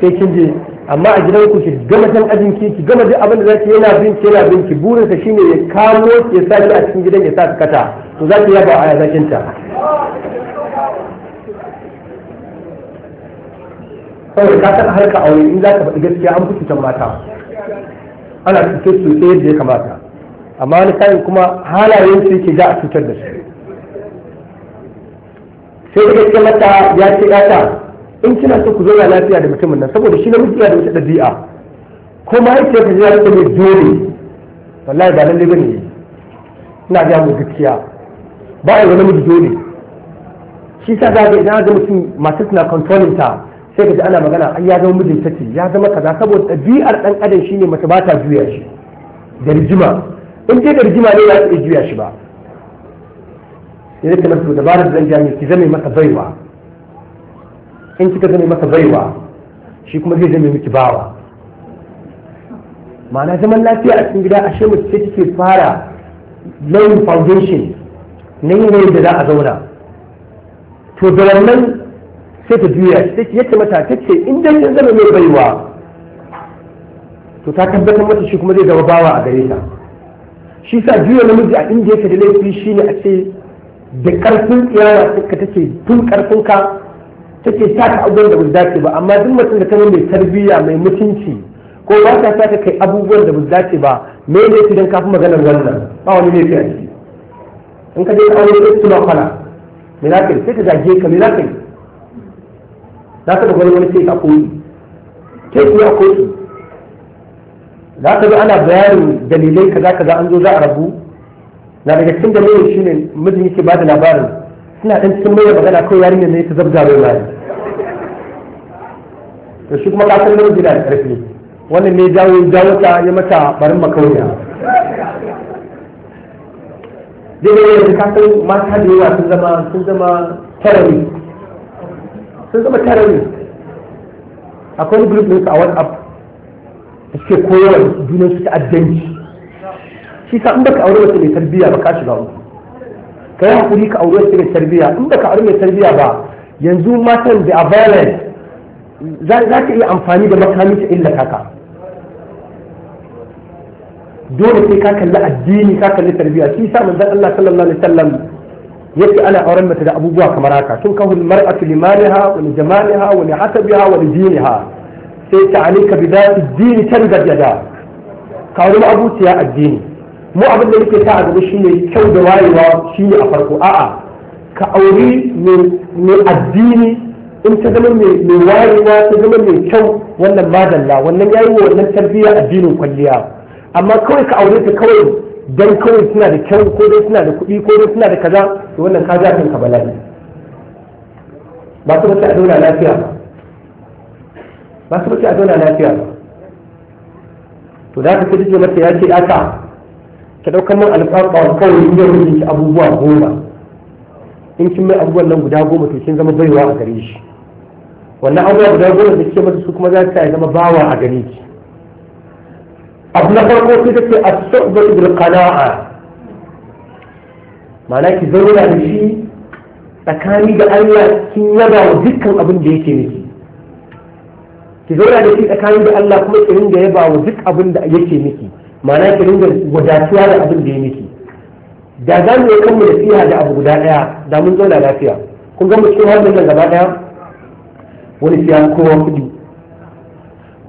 sai kin je amma a gidan ku ki gama san ajin ki ki gama duk abin da zaki yana bin ki yana bin ki burin ka shine ya kamo ki ya sa ki a cikin gidan ya sa ki kata to zaki yaba aya zakin ta kawai ka san harka aure in za ka faɗi gaskiya an fi cutar mata ana cutar sosai yadda ya kamata amma wani kayan kuma halayen su yake za a cutar da su sai da gaske mata ya ce yata in kina so ku zauna lafiya da mutumin nan saboda shi namiji yana da wata ɗabi'a ko mahaifiyar ta zai ta mai dole wallahi ba lalle bane ina ga mu gaskiya ba a wani namiji dole shi sa za ga idan ga mutum masu suna controlling ta sai ka ji ana magana an ya zama mijin ce ya zama kaza saboda ɗabi'ar ɗan adam shine mace ba ta juya shi da rijima in dai da rigima ne ya iya juya shi ba sai ta masa dabarar zan jami ki zame masa baiwa in kika zame masa baiwa shi kuma zai zame miki bawa ma'ana zaman lafiya a cikin gida ashe mace ce take fara laying foundation na yin da za a zauna to da wannan sai ta juya shi take yadda mata ce in dai zan zama mai baiwa to ta tabbatar mata shi kuma zai zama bawa a gare ta shi sa juya namiji a inda yake da laifi shine a ce da karfin iyana suka take tun karfin ka take sa ka abubuwan da ba dace ba amma duk mutum da kana mai tarbiyya mai mutunci ko ba ta sa ka kai abubuwan da ba dace ba me ne yake dan kafin maganar wannan ba wani ne ciki in ka je ka aure ka tuna kwana me za ka yi sai ka zage ka me za ka yi za ka ga wani wani sai ka koyi ke ku ya koyi za ka zo ana bayanin dalilai kaza kaza an zo za a rabu na daga cikin dalilin shine mijin yake ba da labarin suna ɗan cikin mai magana kawai yarinyar ne ta zabza mai mari to shi kuma kasar da namiji da ƙarfi wannan ne jawo jawo ta ya mata barin makauniya dai ne yanzu ka mata da yawa sun zama sun zama tarari sun zama tarari akwai group ɗinsu a whatsapp da suke koyarwa junan su ta'addanci shi sa in baka aure wacce mai tarbiyya ba ka shiga uku kai hakuri ka aure wacce mai tarbiyya in baka aure mai tarbiyya ba yanzu matan da a za ka iya amfani da makami ta illa kaka dole sai ka kalli addini ka kalli tarbiyya shi sa manzon Allah sallallahu alaihi wasallam yace ana auren mata da abubuwa kamar haka tun kahul mar'atu limaliha wa li jamaliha wa li hasabiha wa li diniha sai ta alika bi zati dini ta gaggada ka wani abuciya addini mu abin da nake ta a gaba shine kyau da wayewa shine a farko a'a ka auri mai addini in ta zama mai wayewa ta zama mai kyau wannan madalla wannan yayi wa wannan tarbiyya addinin kwalliya amma kawai ka aure ta kawai dan kawai suna da kyau ko dai suna da kuɗi ko dai suna da kaza to wannan ka ja kanka bala'i ba su wata a lafiya ba ba su ce a zauna lafiya ba to da aka fi mace ya ce aka ka ɗaukar nan alfarba wa kawai in yau ki abubuwa goma in kin mai abubuwan nan guda goma to kin zama baiwa a gare shi wannan abubuwa guda goma da kike mata su kuma za ta zama bawa a gare ki abu na farko sai ta ce a subatu bil qana'a ma'ana ki zauna da shi tsakani da Allah kin yaba wa dukkan abin da yake miki ki zauna da shi tsakanin da Allah kuma ki ringa yaba wa duk abin da yake miki ma'ana ki ringa wadatuwa da abin da ya miki da za mu yi kanmu da siya da abu guda daya da mun zauna lafiya kun ga mu cikin wannan nan gaba daya wani siya kowa kudi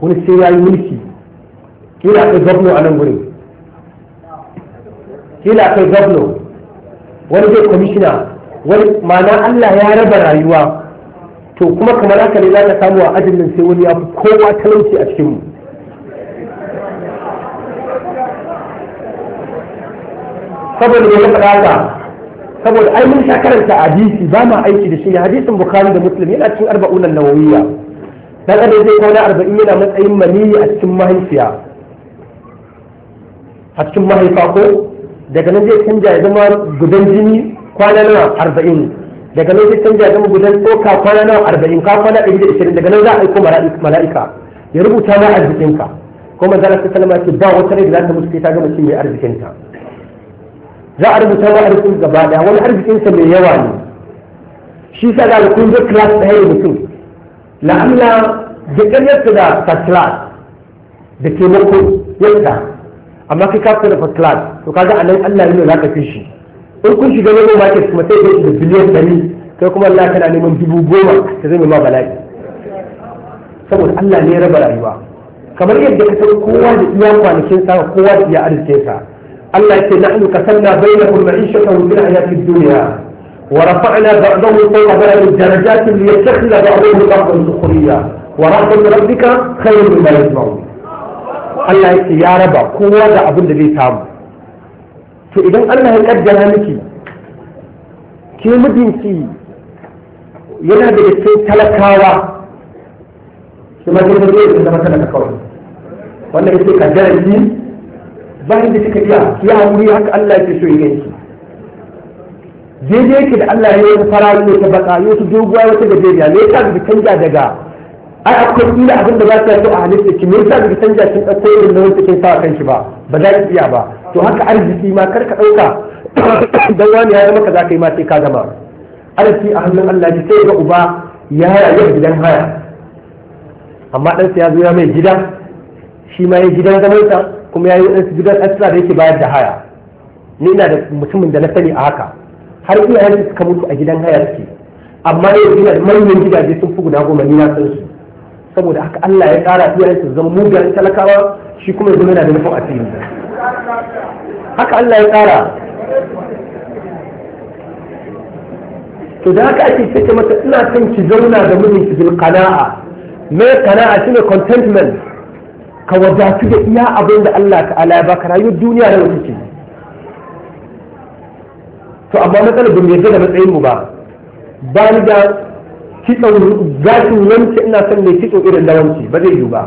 wani sai ya yi mulki kila kai gwamna a nan gurin kila kai gwamna wani zai kwamishina wani ma'ana Allah ya raba rayuwa to kuma kamar haka ne za ka samu a ajin nan sai wani ya fi kowa talauci a cikinmu saboda ya faɗa haka saboda ai mun sha karanta hadisi ba ma aiki da shi hadisin bukhari da muslim yana cikin arba'un nawawiya dan adam zai kawo na arba'in yana matsayin maniyyi a cikin mahaifiya a cikin mahaifa ko daga nan zai canja ya zama gudan jini kwana na arba'in daga nan sai canja zama gudan ko ka kwana nawa arba'in ka kwana ɗari da ishirin daga nan za a aiko mala'ika ya rubuta ma arzikinka kuma zara ta salama ce ba wata rai da za ta mutu ta gama cin mai arzikinta za a rubuta ma arzikin gaba daya wani arzikinsa mai yawa ne shi sa da kun zo class ɗaya mutum la'alla da ƙaryarsa da first class da taimako yadda amma kai ka da first class to kaga a nan Allah ne za ka fi shi in kun shiga wani market kuma sai ka da biliyan ɗari kai kuma Allah kana neman dubu goma ka zai ma bala'i saboda Allah ne ya raba rayuwa kamar yadda ka san kowa da iya kwanakin sa kowa da iya arzikin sa Allah yake na'nu kasanna bainakum ma'ishatan fil hayati dunya ورفعنا بعضهم فوق بعض درجات ليتخذ بعضهم بعضا سخريا ورحمة ربك خير مما يجمعون Allah ya ce ya raba kowa da abin da zai samu to idan Allah ya kaddara miki ke mijinki yana da cikin talakawa shi ma zai zai zai zama talaka kawai wannan yake kaddara ba bayan da kika iya ya wuri haka Allah ke so ya ganki daidai yake da Allah ya yi fara ne ta baka yau su doguwa wata gajeriya ne ya da canja daga ai akwai ila abin da za ta yi a halitta ki ne ya da canja kin ɗauko irin na wata kin sa kan ba ba za ki iya ba to haka arziki ma karka ɗauka don wani ya zama zaka yi ma sai ka gama arziki a hannun Allah ji sai ga uba ya rayu gidan haya amma ɗansa ya zo ya mai gida shi ma ya gidan zamansa kuma ya yi wadansu gidan asira da yake bayar da haya ni ina da mutumin da na sani a haka har iyayen suka mutu a gidan haya suke amma yau ina da manyan gidaje sun fi guda goma ni na san su saboda haka Allah ya ƙara iyayensa su zama mugayen talakawa shi kuma ya zama yana da nufin asiri haka Allah ya tsara to da haka ake ce mata ina son ki zauna da mijinki bil qana'a me qana'a shine contentment ka wadatu da iya abin da Allah ta'ala ba ka rayu duniya da wuce to amma matsalar bin yadda da matsayin mu ba ba ni da kitson gashin ina son mai kitso irin lawanci ba zai yiwu ba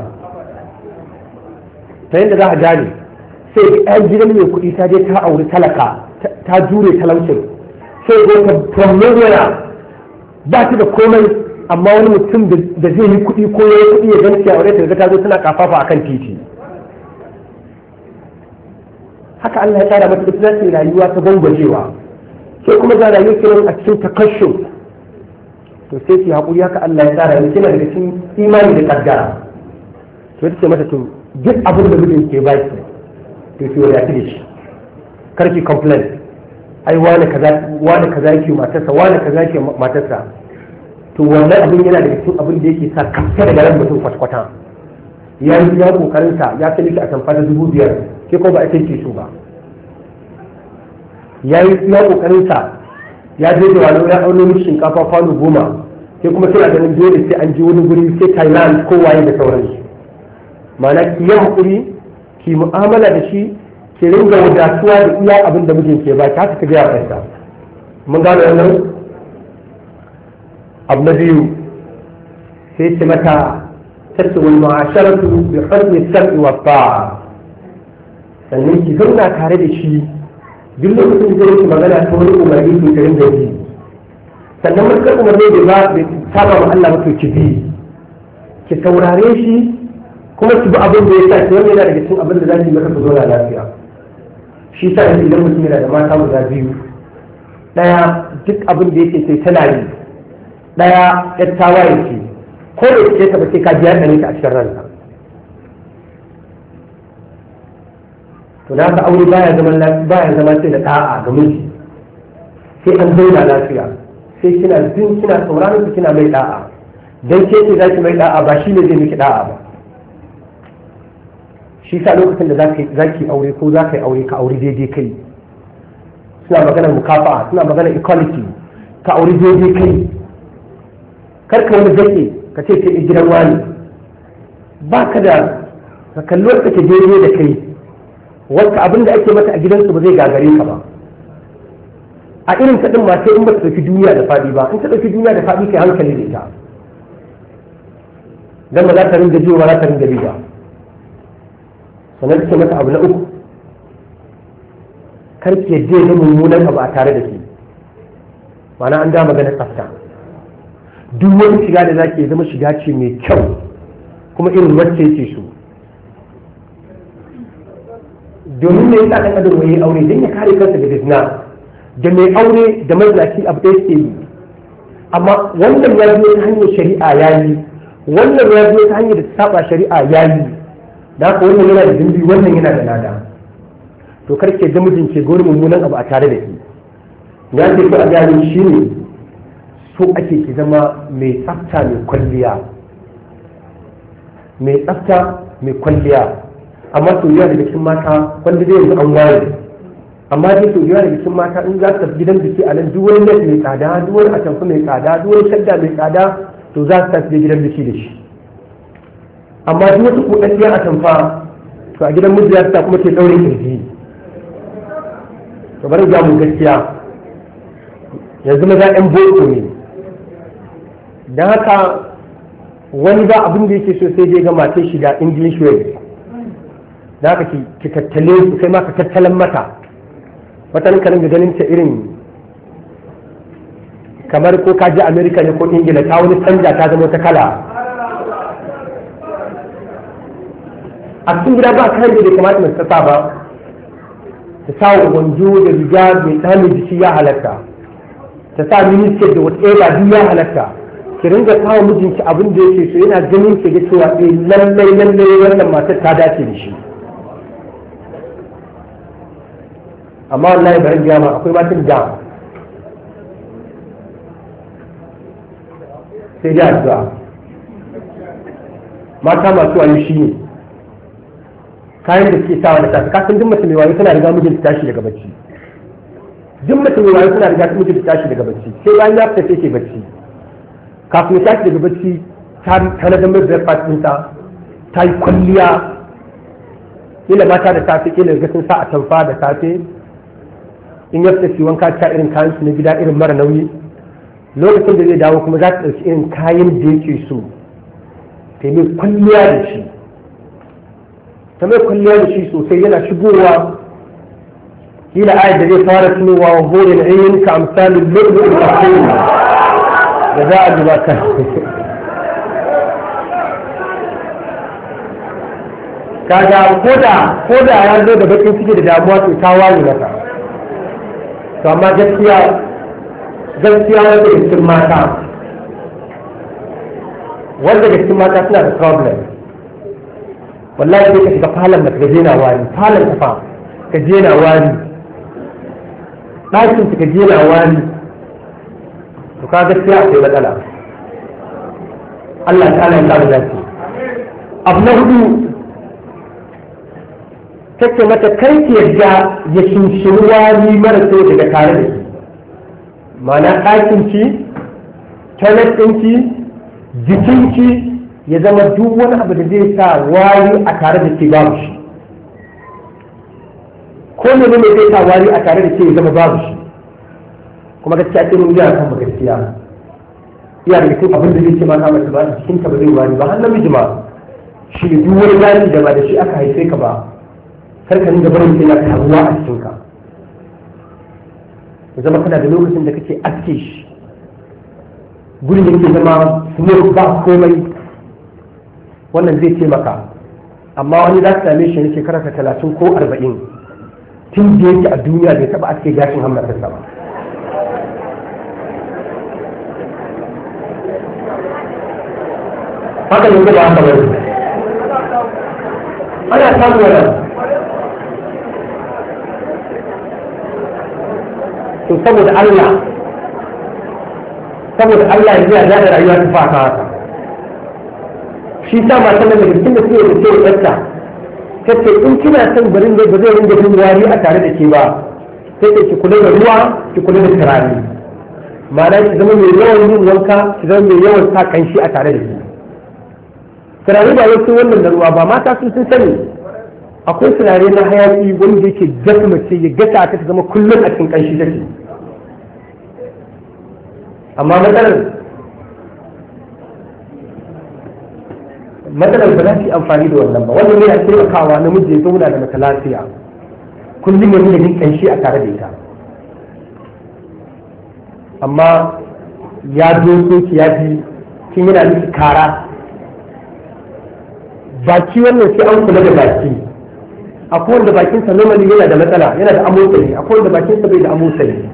ta yadda za a gane sai ga gidan mai kuɗi ta je ta auri talaka ta jure talaucin sai ga ta ba ta da komai amma wani mutum da zai yi kuɗi ko ya yi kuɗi ya ganci a aure ta ta zo tana kafafa akan titi haka Allah ya tsara mata da tunanin rayuwa ta gwangwajewa sai kuma za rayuwa kiran a cikin takashin to sai ki haƙuri haka Allah ya tsara yake daga cikin imani da kaddara to ce mata to duk abin da mijin ke baki to ki wadatu da shi kar ki complain ai wani ka za kaza matarsa wani za yake matarsa to wannan abin yana da cikin abin da yake sa kafta daga ran mutum kwatkwata ya yi ya kokarin sa ya kai miki a tamfa da dubu biyar ke ko ba a kai so ba ya yi ya kokarin sa ya je da wani ya auno mishi shinkafa kwano goma ke kuma kina ganin dole sai an je wani guri sai Thailand ko waye da sauransu ma'ana ki yi hakuri ki mu'amala da shi ki ringa wadatuwa da iya abin da mijin ke baki haka ka gaya kanta mun gano wannan abu na biyu sai ce mata tattu wal mu'asharatu bi hukmi sar'i wa ta'a sannan ki zauna tare da shi duk lokacin da yake magana ta wani umarni to ki ringa bi sannan mun ka umarni da ba da saba ma Allah to ki bi ki saurare shi kuma su bi abin da ya sa shi, yana da cikin abin da za yi maka ka zo lafiya shi sa yanzu idan mutum yana da mata guda biyu ɗaya duk abin da yake sai tana yi ɗaya yar tawaye ce ko da ke ta ba sai ka biya ɗari ta a cikin ransa. to da haka aure baya zama baya zama sai da ɗa'a ga miji sai an zauna lafiya sai kina jin kina sauraron su kina mai ɗa'a dan ke ce za ki mai ɗa'a ba shi ne zai miki ɗa'a ba shi sa lokacin da za ki aure ko za ka yi aure ka aure daidai kai suna magana mukafa suna magana equality ka aure daidai kai karka wani zake ka ce ke gidan wani ba ka da ka kalli wata ke daidai da kai wata abin da ake mata a gidansu ba zai gagare ka ba a irin kaɗin ma sai in ba ta ɗauki duniya da faɗi ba in ta ɗauki duniya da faɗi kai hankali da ita dan ba za ta ringa jiwa ba za ta ringa bi ba sannan suke mata abu na uku karke je na mummunan abu a tare da shi mana an dama ganin tsafta duk wani shiga da zaki zama shiga ce mai kyau kuma irin wacce yake su domin mai yasa ɗan adam aure don ya kare kansa da fitna da mai aure da mazlaki abu ɗaya suke yi amma wannan ya biyo ta hanyar shari'a ya yi wannan ya biyo ta hanyar da saba shari'a ya yi da haka wannan yana da zunubi wannan yana da lada to karke da mijin ke gori mummunan abu a tare da shi ya ce ku a gani shi ne so ake ki zama mai tsafta mai kwalliya mai tsafta mai kwalliya amma to yana da cikin mata wanda zai yanzu an ware amma dai to yana da cikin mata in za ka tafi gidan biki a nan duk wani mai tsada duk wani atamfa mai tsada duk wani shadda mai tsada to za ka tafi gidan biki da shi amma duk wata kodanniya a tamfa to a gidan mijiya ta kuma ke ɗaurin kirji to bari ga mu gaskiya yanzu maza yan boko ne dan haka wani ba abin da yake so sai dai ga mace shi da english way da haka ki tattale su kai ma ka tattalan mata wata nan ga ganin ta irin kamar ko ka ji amerika ne ko ingila ta wani canja ta zama ta kala a cikin gida ba kayan da kamata mai tsasa ba ta sa wando da riga mai tsami jiki ya halatta ta sa minista da wata ɗaya duk ya halatta ki ringa kawo mijinki abin da yake so yana ganin ki ga cewa eh lallai lallai wannan matar ta dace da shi amma wallahi bari gaya ma akwai matan da sai da addu'a mata masu ayu shi ne kayan da suke sawa da safe kasan duk mace mai wayo tana riga mijinta tashi daga bacci duk mace mai wayo tana riga mijinta tashi daga bacci sai bayan ya fita sai ke bacci kafin ya tashi daga bacci ta na damar breakfast ɗinta ta yi kwalliya kila mata da safe kila ga sun sa a tamfa da safe in ya fita wanka ta irin kayan su na gida irin mara nauyi lokacin da zai dawo kuma za ta ɗauki irin kayan da yake so ta yi kwalliya da shi ta mai kwalliya da shi sosai yana shigowa kila ayat da zai fara tunowa wa hore na ayyun ka amsalin lullu'in kafin da za a gabatar kaga koda koda ya zo da bakin ciki da damuwa to ta wani mata to amma gaskiya gaskiya wanda cikin mata wanda cikin mata suna da problem wallahi sai ka shiga falon da ka je na wani falon ka fa ka je na wani ɗakin ka je na wani to ka gaskiya akwai matsala Allah ta'ala ya kama zafi abu na hudu kake mata kai ki yarda ya shimshiri wani mara sai daga tare da shi ma'ana ɗakin ki toilet ɗinki jikinki ya zama duk wani abu da zai sa wari a tare da ke babu shi ko ne ne zai sa wari a tare da ke ya zama babu shi kuma gaskiya ɗin a kan gaskiya iya da cikin abin da zai ce mata mata ba cikin ka ba zai wari ba har namiji ma shi duk wani gani da ba da shi aka haife ka ba karkarin da barin sai na taruwa a cikin ka ya zama kana da lokacin da kake aske shi gurin da zama smoke ba komai wannan zai taimaka amma wani za ka same shi ne shekara ta talatin ko arba'in tun da yake a duniya bai taba aske gashin hammatarsa ba haka yanzu da haka bari ana samu wannan to saboda Allah saboda Allah ya zai da rayuwa ta fata haka shi sa ba sanar da cikin da suke da ce yarta kace in kina son garin da ba zai ringa jin wari a tare da ke ba sai ki kula da ruwa ki kula da turare ma'ana ki zama mai yawan yin wanka ki zama mai yawan sa kanshi a tare da ke turare ba wasu wannan da ruwa ba mata sun sun sani akwai turare na hayaki wanda yake gasa mace ya gasa ta zama kullum a cikin kanshi take amma matsalar matsalar ba za su yi amfani da wannan ba wannan yana taimakawa miji ya zauna da mata lafiya kullum ya nuna jin kanshi a tare da ita amma ya so ki ya fi kin yana miki kara baki wannan sai an kula da baki akwai wanda sa normally yana da matsala yana da amosani akwai wanda sa bai da amosani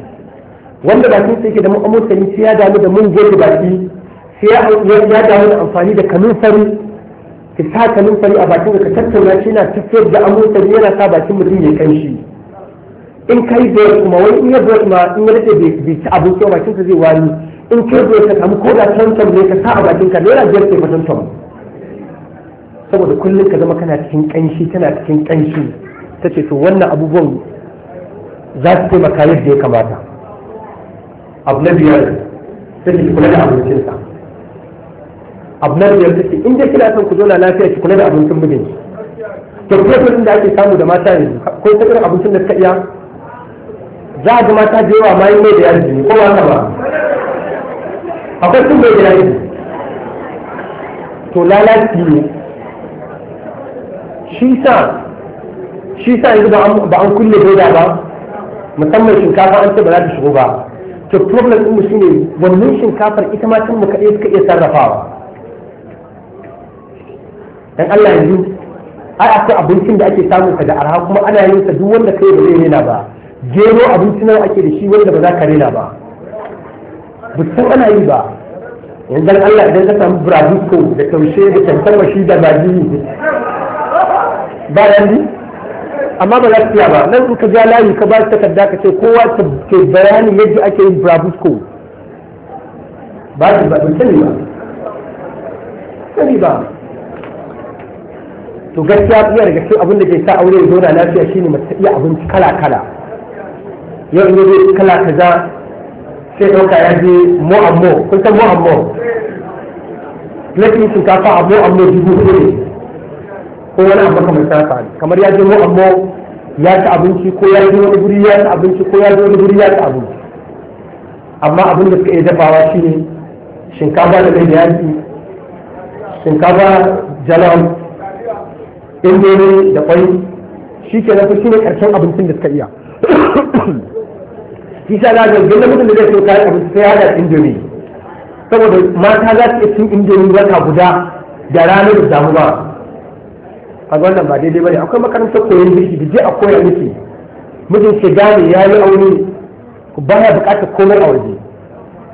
wanda bakin sa yake da amosani sai ya damu da mun gefe baki sai ya damu da amfani da kanun fari ki sa kalin fari a bakin ka tattauna shi na tafiyar da amurka da yana sa bakin mutum ya kan shi in kai da kuma wani in ya bai in ya rike bai ci abinci a bakin ka zai wani in kai da ka samu ko da tantan ne ka sa a bakin ka naira biyar ke fatan saboda kullum ka zama kana cikin kanshi tana cikin kanshi ta ce to wannan abubuwan za su taimaka yadda ya kamata abu na biyar sai ki kula da abincinsa abu na biyar take in dai kina son ku zauna lafiya ki kula da abincin ki to kuma kudin da ake samu da mata ne ko ta irin abincin da suka iya za a ga mata da yawa mai mai da yaji ko ba ba akwai sun mai da yaji to lalaci ne shi sa shi sa yanzu ba an kulle da ba musamman shinkafa an ce ba za ta shigo ba to problem ɗin shi ne wannan shinkafar ita ma tun muka suka iya sarrafawa dan Allah yanzu ai akwai abincin da ake samu ka da arha kuma ana yin sa duk wanda kai ba zai rena ba gero abinci nan ake da shi wanda ba za ka rena ba bisan ana yi ba yanzu Allah idan ka samu brazuko da taushe da tantar shi da baji ba yanzu amma ba za su iya ba nan in ka ja layi ka ba su takarda ka ce kowa ke bayanin yadda ake yin brabusco ba su ba sani ba sani ba to gaskiya iya daga cikin abin da ke sa aure ya zauna lafiya shine mace iya abinci kala kala yau in yi kala kaza sai ɗauka ya je mo ammo kun san mo ammo lakin shinkafa a mo ammo dubu ne ko wani abu kamar sa kamar ya je mo ammo ya ci abinci ko ya je wani guri ya ci abinci ko ya je wani guri ya ci abinci amma abin da suka iya dafawa shine shinkafa da mai yaji shinkafa jalal indomi da kwai shi ke nasu shi ne karshen abincin da suka iya shi sa na ga gina mutum da zai so kayan abinci sai ya da indomi saboda mata za su iya cin indomi wata guda da rana da damu ba a wannan ba daidai ba ne akwai makarantar koyon girki da je a koya miki mijin ce gane ya yi aure ba ya bukatar komai a waje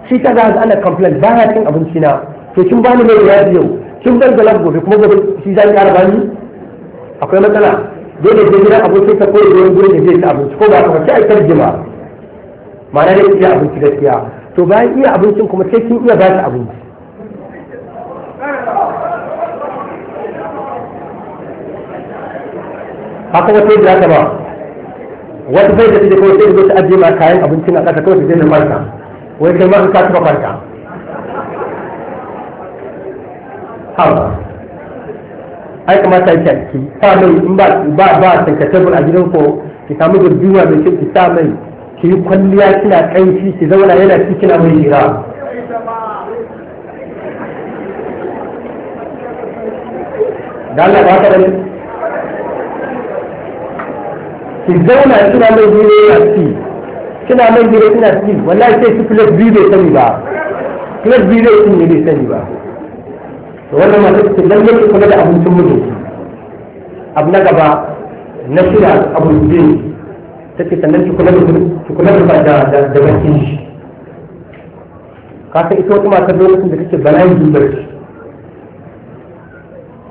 shi ta za ana complain baya cin abinci na to kin bani mai yaji yau kin zan gobe kuma gobe shi za ni ƙara bani akwai matsala dole da gidan abinci ta koyi ruwan gurin da zai ta abinci ko ba kuma ci aikar jima ma'ana da iya abinci gaskiya to bayan iya abincin kuma sai kin iya ba ta abinci haka wata yadda ta ba wata bai da take kawai sai da ta ajiye ma kayan abincin a ƙasa kawai ta je marka wai kai ma ka taɓa farka haka ai kamata ki ki sa mai in ba ba ba tankatabul a gidan ko ki samu gurbiwa mai ki sa mai ki yi kwalliya kina kanshi ki zauna yana ci kina mai jira dalla Allah ba ta da ki zauna kina mai jira ya ci kina mai jira kina ci wallahi sai su plus biyu bai sani ba plus biyu bai sani ba wannan masu cikin lalle yake kuma da abincin mijin abu na gaba na shida abu biyu ta ce sannan cikin kula da da da da shi ka san ita wata matar lokacin da kake yin dubar shi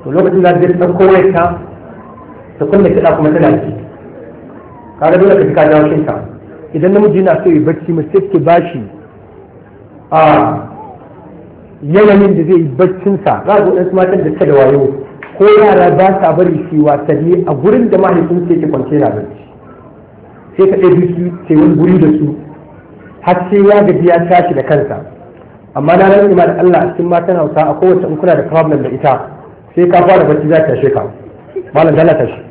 to lokacin da zai ɗauko kowai ta ta kunna kiɗa kuma tana ci kaga dole ka ji ka jawo shinta idan namiji na so yi bacci mace ke bashi a ah, yanayin da zai yi baccinsa za a waɗansu matan da ta da wayo ko yara ba sa bari su wasanni a gurin da mahaifin su yake kwance na bacci sai ka ɗaya su ke wani guri da su har sai ya gaji ya tashi da kansa amma na rantsi ma da Allah a cikin matan Hausa a kowace in kuna da problem da ita sai ka fara bacci za ta tashe ka malam dala tashi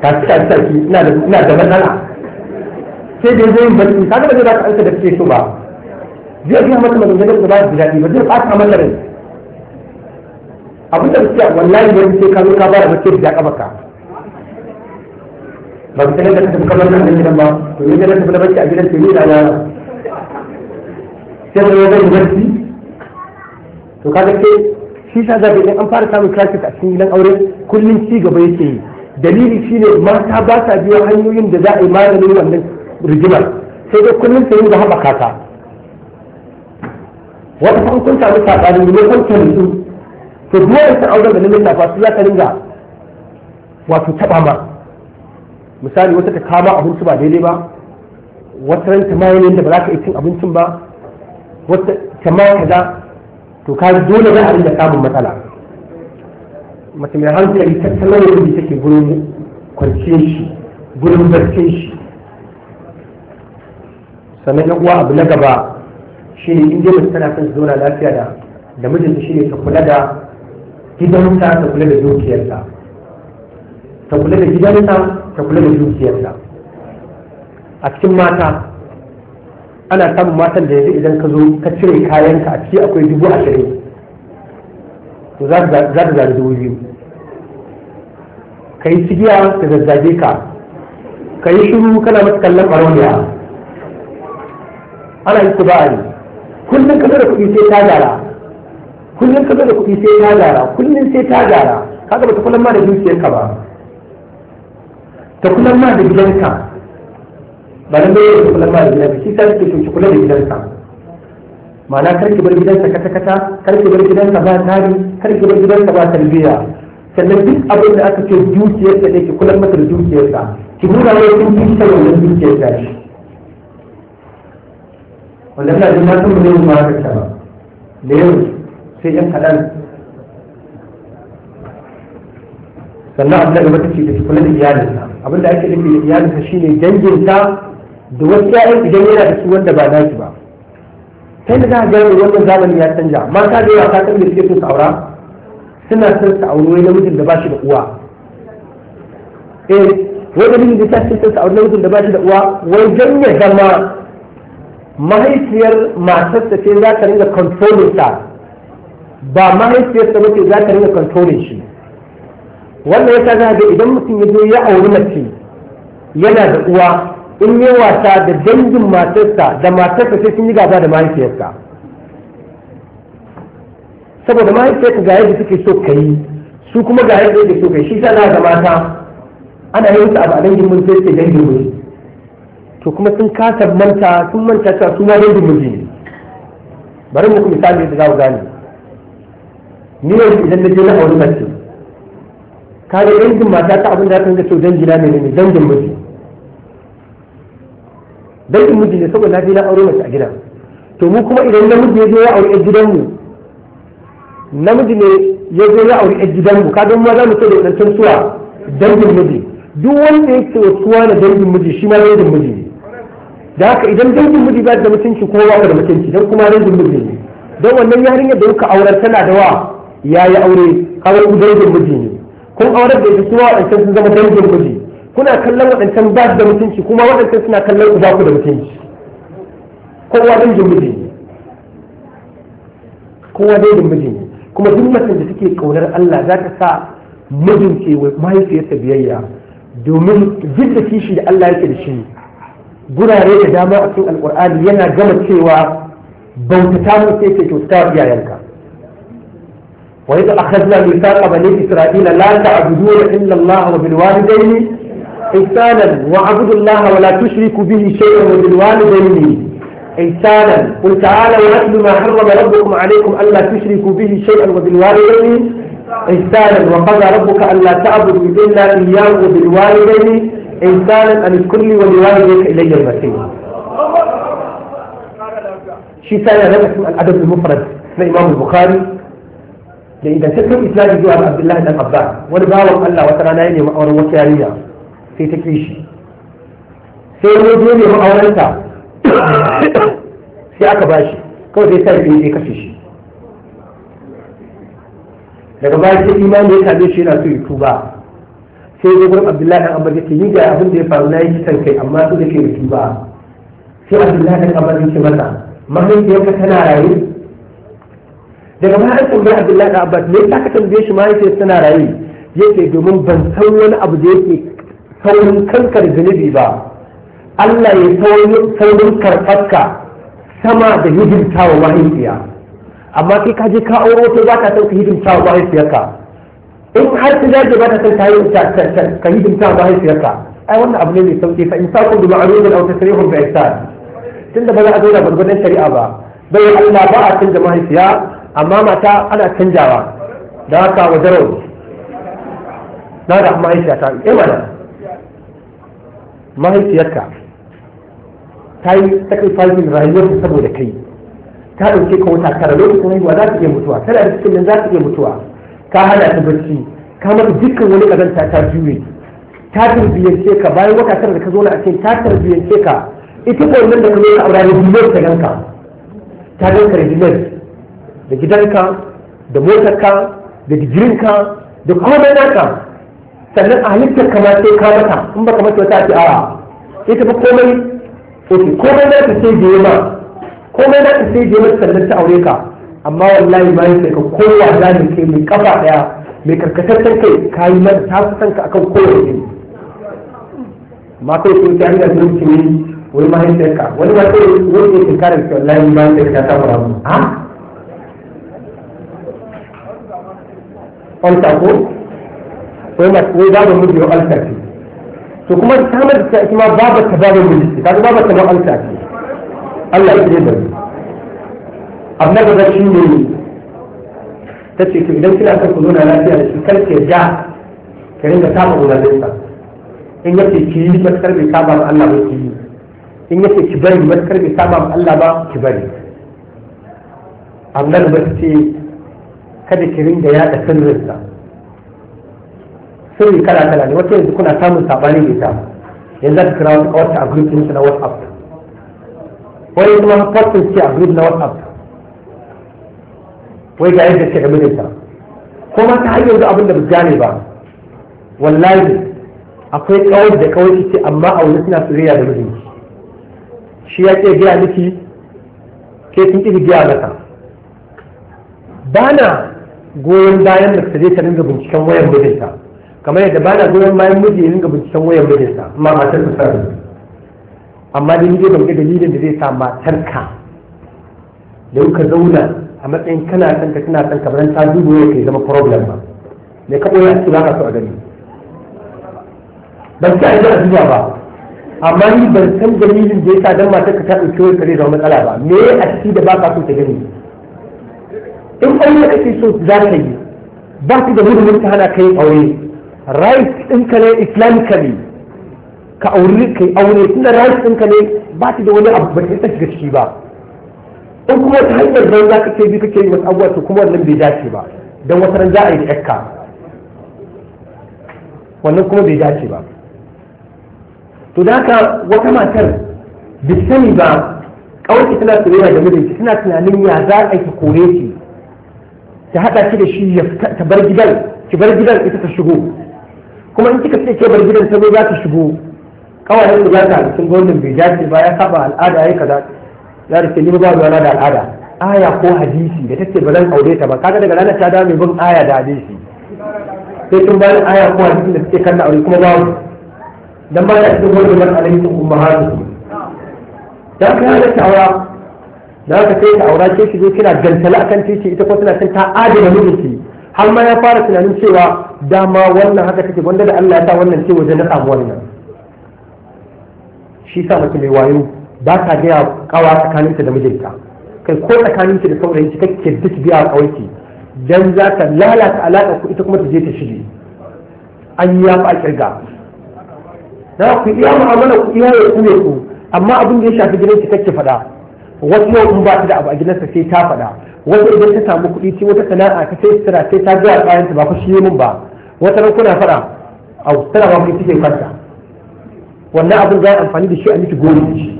ka ci ta ina da matsala sai da zai bari kaga da za ka aika da kake so ba zai ga mata maganganun da ba su daɗi ba zai fata mata rai abin da suke wallahi ne sai ka zo ka ba mace da kaba ka ba ka sanar da ka tafi kamar nan da gidan ba to ne da tafi na bacci a gidan to ni da na sai da zai barci to ka kaga ke shi sa zabi idan an fara samun crisis a cikin gidan aure kullum ci gaba yake yi dalili shine mata ba sa biyo hanyoyin da za a yi maganin wannan rigimar sai dai kullum sai da haɓaka ta wata fa kun samu saɓani ne kun ta nutsu to duwa ta auren da nan tafa su za ta ringa wato taɓa ma misali wata ta kama abinci ba daidai ba wata ran ta ne da ba za ka yi cin abincin ba wata ta ma kaza to ka dole za a ringa samun matsala mace mai hankali ta tsanar da take gurin kwanciyar shi gurin barcin shi sannan yan uwa abu na gaba shi ne inda mace tana son ta zauna lafiya da da mijinta ne ta kula da gidanta ta kula da dukiyarta ta kula da gidanta ta kula da dukiyarta a cikin mata ana samun matan da yanzu idan ka zo ka cire kayanka a ciki akwai dubu ashirin to za ta zaɓi dubu biyu ka yi cigiya ta zazzage ka ka yi shiru kana mata kallon ɓarauniya ana yi kubari kullum ka da kuɗi sai ta gara kullum ka da kuɗi sai ta gara kullum sai ta gara kaga ta kullum ma da ka ba ta kullum ma da gidanka ba nan da yau kullum ma da gidanka shi sai kake ki kula da gidanka ma'ana karki bar gidanka kata kata karki bar gidanka ba tari karki bar gidanka ba tarbiyya sannan duk abin da aka ce da ne ki kullum mata da ka. ki nuna wani kun fi ta dukiyar ka shi wanda ina jin matan mu ne mu fara kacce ba da yau sai yan kaɗan sannan abin da gaba take da kula da iyalinsa abinda ake nufi da iyalinsa shine danginta da wasu ƴaƴan idan yana da su wanda ba naki ba sai da za a gane wannan zamani ya canja mata da yawa kakan da suke so su aura suna son su auri wani namijin da ba shi da uwa eh wani namijin da ta ce son su auri namijin da ba shi da uwa wai zama mahaifiyar matarsa ce za ta ringa kontrolin sa ba mahaifiyarsa ba ce za ta ringa kontrolin shi wannan ya sa ga idan mutum ya zo ya auri mace yana da uwa in yi wasa da dangin matarsa da matarsa sai sun yi gaba da mahaifiyarsa saboda mahaifiyarsa ga yadda suke so ka yi su kuma ga yadda suke so ka shi sa na ga mata ana yin su abu a dangin mun sai dangin to kuma sun kasa manta sun manta cewa su ma dangin miji ne bari muku misali da za ku gane ni yanzu idan na je na auri mace ka ga dangin mata ta abin da ta ga to dangina ne ne dangin miji dangin miji ne saboda na je na auri mace a gida. to mu kuma idan namiji ya je ya auri yan mu namiji ne ya zo ya auri yan mu ka don ma za mu ce da ɗancan suwa dangin miji duk wanda ya ce suwa na dangin miji shi ma dangin miji da haka idan dangin miji ba da mutunci ko ba da mutunci dan kuma dangin miji ne dan wannan yarin da kuka aurar tana da wa yayi aure kawai ku dangin miji ne kun aurar da ita kuma wadancan sun zama dangin miji kuna kallon wadancan ba da mutunci kuma wadancan suna kallon ku ba ku da mutunci kowa dangin miji ne kowa dangin miji ne kuma duk mutum da take kaunar Allah za ta sa mijin ce mahaifiyarsa biyayya domin duk da kishi da Allah yake da shi gurare da dama a cikin alkur'ani yana gama cewa bautata mu sai ce to ta iyayenka wa idza akhadna mithaqa bani isra'ila la ta'budu illa Allah wa bil walidayni ihsanan wa abudu Allah wa la tushriku bihi shay'an wa bil walidayni qul ta'ala wa ma harrama rabbukum إنسانا قل تعالى واتل ما حرم ربكم عليكم ألا تشركوا به شيئا وبالوالدين إنسانا وقضى ربك ألا تعبدوا إلا إياه وبالوالدين insanin an kulli wa liwani yake ilayyar masai shi ta yana daga cikin al'adar al-mufrad na imam bukhari da ingantaccen islami zuwa abdullahi dan abbas wani bawan allah wata rana ya nemi wata yarinya sai ta ƙi shi sai wani ya nemi sai aka bashi kawai sai sai ya kashe shi daga baya sai imani ya kaje shi yana so ya tuba sai ya gurin abdullahi dan ambar yake ni ga abin da ya faru na yi kisan kai amma su da ke da ba sai abdullahi a ambar yake masa mahaifiyarka tana raye daga baya an tambaye abdullahi dan ambar me yasa ka tambaye shi mahaifiyar tana raye yake domin ban san wani abu da yake saurin kankar zunubi ba Allah ya saurin karfarka sama da hidimta wa mahaifiya amma kai ka je ka auro ta za ka san ka hidimta wa mahaifiyarka in har ta zage ba ta san ta yi ka yi dimta ba haifiyarka ai wannan abu ne mai sauki fa in sa ku duba arudin au tasrihun bi ihsan tunda ba za a zauna gurgurdan shari'a ba bai Allah ba a canja mahaifiya amma mata ana canjawa da haka wa daro na da mahaifiya ta eh mana mahaifiyarka ta yi sacrificing rayuwarta saboda kai ta ɗauke ka wata tara lokacin haihuwa za ta iya mutuwa tana da cikin nan za ta iya mutuwa ka hana ta bacci ka mata dukkan wani kazanta ta jure ta tarbiyyance ka bayan wakatar tara da ka zo na a ta tarbiyyance ka ita ko nan da ka zo ka aura da biyar ta ganka ta ganka da biyar da gidanka da motarka da digirinka da komai da naka sannan a halittar ka sai ka mata in baka mata wata ake a'a ita ba komai ko komai ka sai da ma komai na ka sai da ma sannan ta aure ka amma wallahi bayan sai ka kowa zani kai mai kafa daya mai karkatattar kai ka yi mata ta fi sanka akan kowa ne ma kawai sun ta hanyar zuci ne wani mahaifiyarka wani ma kai wani ne tinkarar ki wallahi bayan sai ka ta fara mu ha alta ko wai ma wai babu mu biyo alta ce to kuma samar da ta kuma babu ta babu mu ce kaga babu ta babu alta ce Allah ya ji da abu da zai shi ne ta ce to idan kina son ku nuna lafiya da shi kar ke ja ka ringa saba gudanar sa in yace ki yi matakar bai saba ma Allah ba ki yi in yace ki bari matakar bai saba ma Allah ba ki bari abu ba ce kada ki ringa yaɗa sirrinsa sirri kala kala ne wata yanzu kuna samun sabani mai ta yanzu ka kira wata a group na WhatsApp wani kuma postin ce a group na WhatsApp wai ga yadda da mijinta kuma ta hanyar da abin da ba gane ba wallahi akwai kawai da kawai ce amma a wani suna soyayya da mijinki shi ya ke gaya miki ke sun ƙi gaya maka ba na goyon bayan da ta je ta ringa binciken wayar mijinta kamar yadda ba na goyon bayan miji ya ringa binciken wayar mijinta amma matar ta sarri amma da ni ban ga dalilin da zai sa matar ka da kuka zauna a matsayin kana san ka tana san ka bar ta dubo ya kai zama problem ba me ka ya a ba ka so a gani ban ci a yi duba ba amma ni ban san dalilin da yasa dan matar ka ta dauke wani kare zama matsala ba me a ciki da ba ka so ta gani in ne kake so za ka yi ba ka da hurumin ta hana kai aure right ka ne islamically ka aure kai aure tunda right ɗinka ne ba ta da wani abu ba ta shiga ciki ba in kuma wata hanyar ban za ka ce bi kake yi wasu abubuwa to kuma wannan bai dace ba don wata ran za a yi da ƴakka wannan kuma bai dace ba to da haka wata matar bai sani ba kawai tana soyayya da mijinki tana tunanin ya za a ki kore ki ta haɗa shi da shi ya ta bar gidan ki bar gidan ita ta shigo kuma in kika ce ke bar gidan ta zo za ta shigo kawai da za ta sun ga wannan bai dace ba ya saba al'ada ya kaza ya rike ni ba ruwana da al'ada aya ko hadisi da take ba zan aure ta ba kaga daga ranar ta dame bin aya da hadisi sai tun bayan aya ko hadisi da suke kan na aure kuma ba su, dan ba ya ta cikin wani man alaihi ummahatu dan kai da shawara da aka kai ta aura ke shi zo kina gantala akan titi ita ko tana ta adana mijinki har ma ya fara tunanin cewa dama wannan haka take wanda da Allah ya sa wannan ce wajen na samu wannan shi sa mace mai wayo ba ta gaya kawa tsakaninta da mijinta kai ko tsakaninta da saurayin ta kake duk biya kawai dan za ta lalata alaƙa ku ita kuma ta je ta shige an yi yafa a kirga na ku iya mu'amala ku iya ya ku ku amma abin da ya shafi gidan ki kake faɗa wasu yau in ba ta da abu a gidansa sai ta faɗa wata idan ta samu kuɗi ce wata sana'a ta sai tana sai ta gaya kayan ta ba ku shi mun ba wata ran kuna faɗa a tana ba ku kike kwanta wannan abin za a amfani da shi a miki gori da shi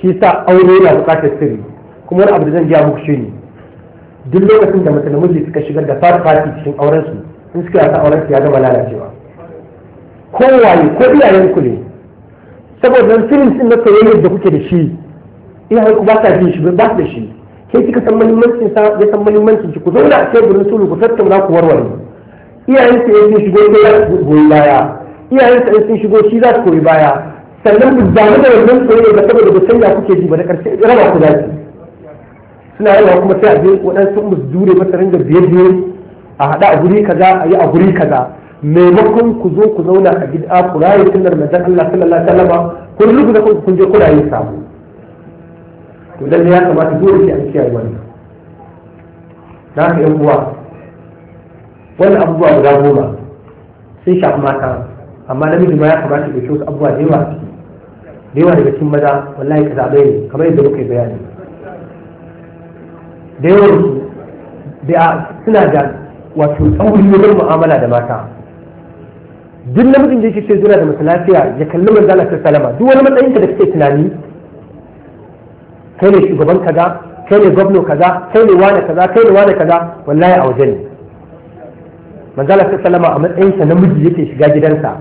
shi sa aure yana buƙatar sirri kuma wani abu da zan gaya muku shi ne duk lokacin da mace muke suka shigar da third party cikin auren su in suka yasa auren su ya gama lalacewa kowaye ko iyayen ku ne saboda nan sirrin sun na soyayyar da kuke da shi iyayen ku ba sa jin shi ba su da shi kai kika san muhimmancin sa ya san muhimmancin ki ku zauna a teburin sulu ku tattauna ku warware iyayen su sun shigo goyi baya iyayen su sun shigo shi za su koyi baya sannan ku damu da wannan soyayya da saboda da sanya kuke ji ba na karshe raba ku zaki suna yawa kuma sai a je waɗansu mu jure masa ringa biye biye a haɗa a guri kaza a yi a guri kaza maimakon ku zo ku zauna a gida ku raye sunnar manzon Allah sallallahu alaihi wasallam kun rubuta da kun je ku raye sa to ne ya kamata dole sai an kiyaye wannan na ka yan uwa wannan abubuwa guda goma sun shafi mata amma namiji ma ya kamata ya ɗauki wasu abubuwa da yawa da yawa daga cikin maza wallahi ka zaɓe ne kamar yadda muka yi bayani da yawan su suna da wato tsaurin wajen mu'amala da mata duk namijin da yake ce zuna da masalafiya ya kalli manzo Allah salama duk wani matsayin ka da kake tunani kai ne shugaban kaza kai ne gwamna kaza kai ne wane kaza kai ne wane kaza wallahi a wajen ne manzo Allah salama a matsayin sa namiji yake shiga gidansa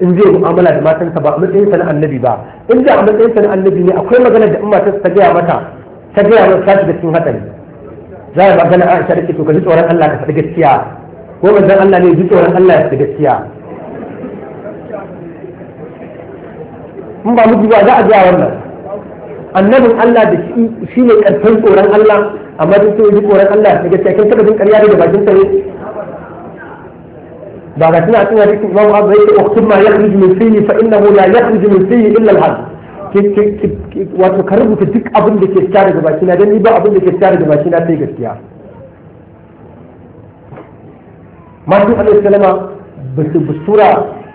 in zai mu'amala da matansa ba a matsayinsa na annabi ba in da a matsayinsa na annabi ne akwai magana da in matarsa ta gaya mata ta gaya mata ta shiga cikin hatsari za a magana a da to ka ji tsoron Allah ka faɗi gaskiya ko manzon Allah ne ji tsoron Allah ya faɗi gaskiya in ba mu ba za a gaya wannan annabin Allah da shi ne karfin tsoron Allah amma duk sai ji tsoron Allah ya faɗi gaskiya kin taɓa jin ƙarya da bakin sa ne بعد كده هتقول هديك الإمام عبد يقول اكتب ما يخرج من فيه فإنه لا يخرج من فيه إلا الحج wato ka rubuta duk abin da ke fita daga bakina don ni ba abin da ke fita daga bakina sai gaskiya masu alaihi salama ba su busura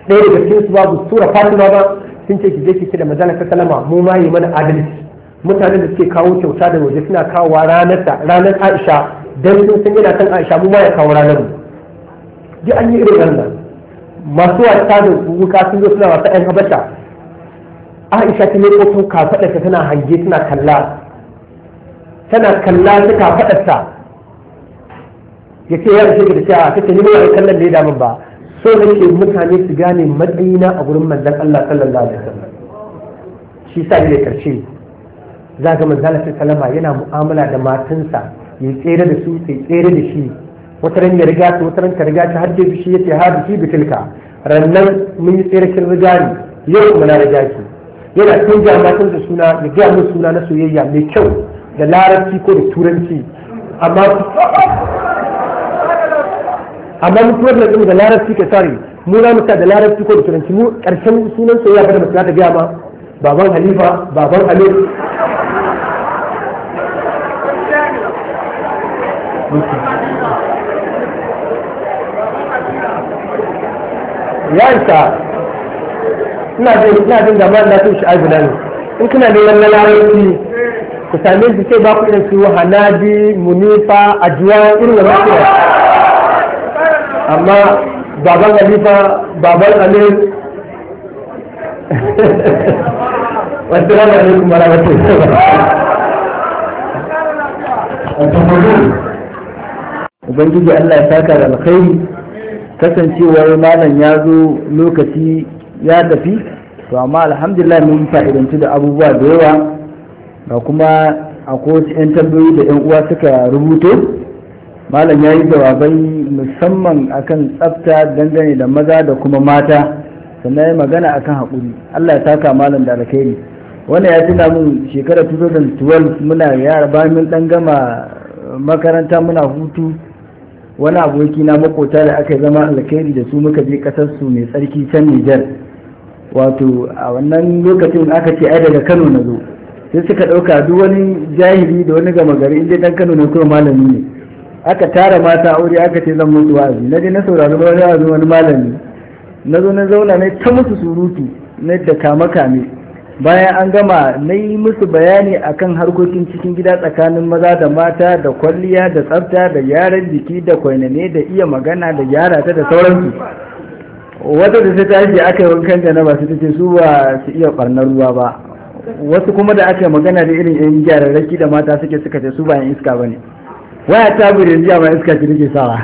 ɗaya daga cikin su ba busura fatima ba sun ce ki je ki ce da mazala ta salama mu ma yi mana adalci mutane da suke kawo kyauta da waje suna kawo ranar ranar Aisha don sun san yana san Aisha mu ma ya kawo ranar mu duk an yi irin wannan masu wata da wuka sun zo suna wasa ɗan habasha aisha ta ne kofin kafaɗarsa tana hange tana kalla tana kalla ta kafaɗarsa ya ce ya ishe da cewa ta ce ni ba kallon da ya damu ba so ce mutane su gane matsayina a gurin manzan Allah sallallahu alaihi wasallam shi sa ne karshe za ga manzon Allah sallallahu alaihi wasallam yana mu'amala da matansa ya tsere da su sai tsere da shi wata ya riga ta wata ran ka riga ta har dai shi yace hadu shi bitilka rannan mun yi tsirkin riga ne yau kuma na riga ki yana kan jama'a da suna ya ga mun suna na soyayya mai kyau da larabci ko da turanci amma amma mutuwar da da larabci ke sari mu za mu mutu da larabci ko da turanci mu karshen sunan soyayya ba da mutu ta gaya ma baban halifa baban halif yansa ina jin ina jin da man lafiya shi azina ne in kana neman na larabci ku same shi sai ba ku irin su hanadi munifa ajiya irin da ku da amma baban alifa baban alif wasu rana ne kuma rana ce Ubangiji Allah ya saka da alkhairi kasancewar malam ya zo lokaci ya tafi to amma alhamdulillah mun fa'idanci da abubuwa da yawa ga kuma akwai 'yan tambayoyi da 'yan uwa suka rubuto malam ya yi jawabai musamman akan tsafta dangane da maza da kuma mata sannan ya magana akan haƙuri allah ya taka malam da alkhairi wannan ya tuna min shekarar 2012 muna yara bayan mun ɗan gama makaranta muna hutu wani aboki na makota da aka zama alkhairi da su muka je kasar su mai tsarki can Nijar wato a wannan lokacin aka ce ai daga Kano na zo sai suka ɗauka duk wani jahili da wani gama gari inda dan Kano ne kuma malami ne aka tara mata aure aka ce zan mutu wa'azi na je na saurari wani wani malami na zo na zauna ne ta musu surutu na da kame kame bayan an gama na yi musu bayani a kan harkokin cikin gida tsakanin maza da mata da kwalliya da tsafta da yaran jiki da kwainane da iya magana da yara ta da sauransu wata da ta tashi aka yi wankan da na ba su ce su ba su iya barnar ruwa ba wasu kuma da aka yi magana da irin yan gyararraki da mata suke suka ce su ba yan iska ba ne waya ta bude jiya ma iska ce nake sawa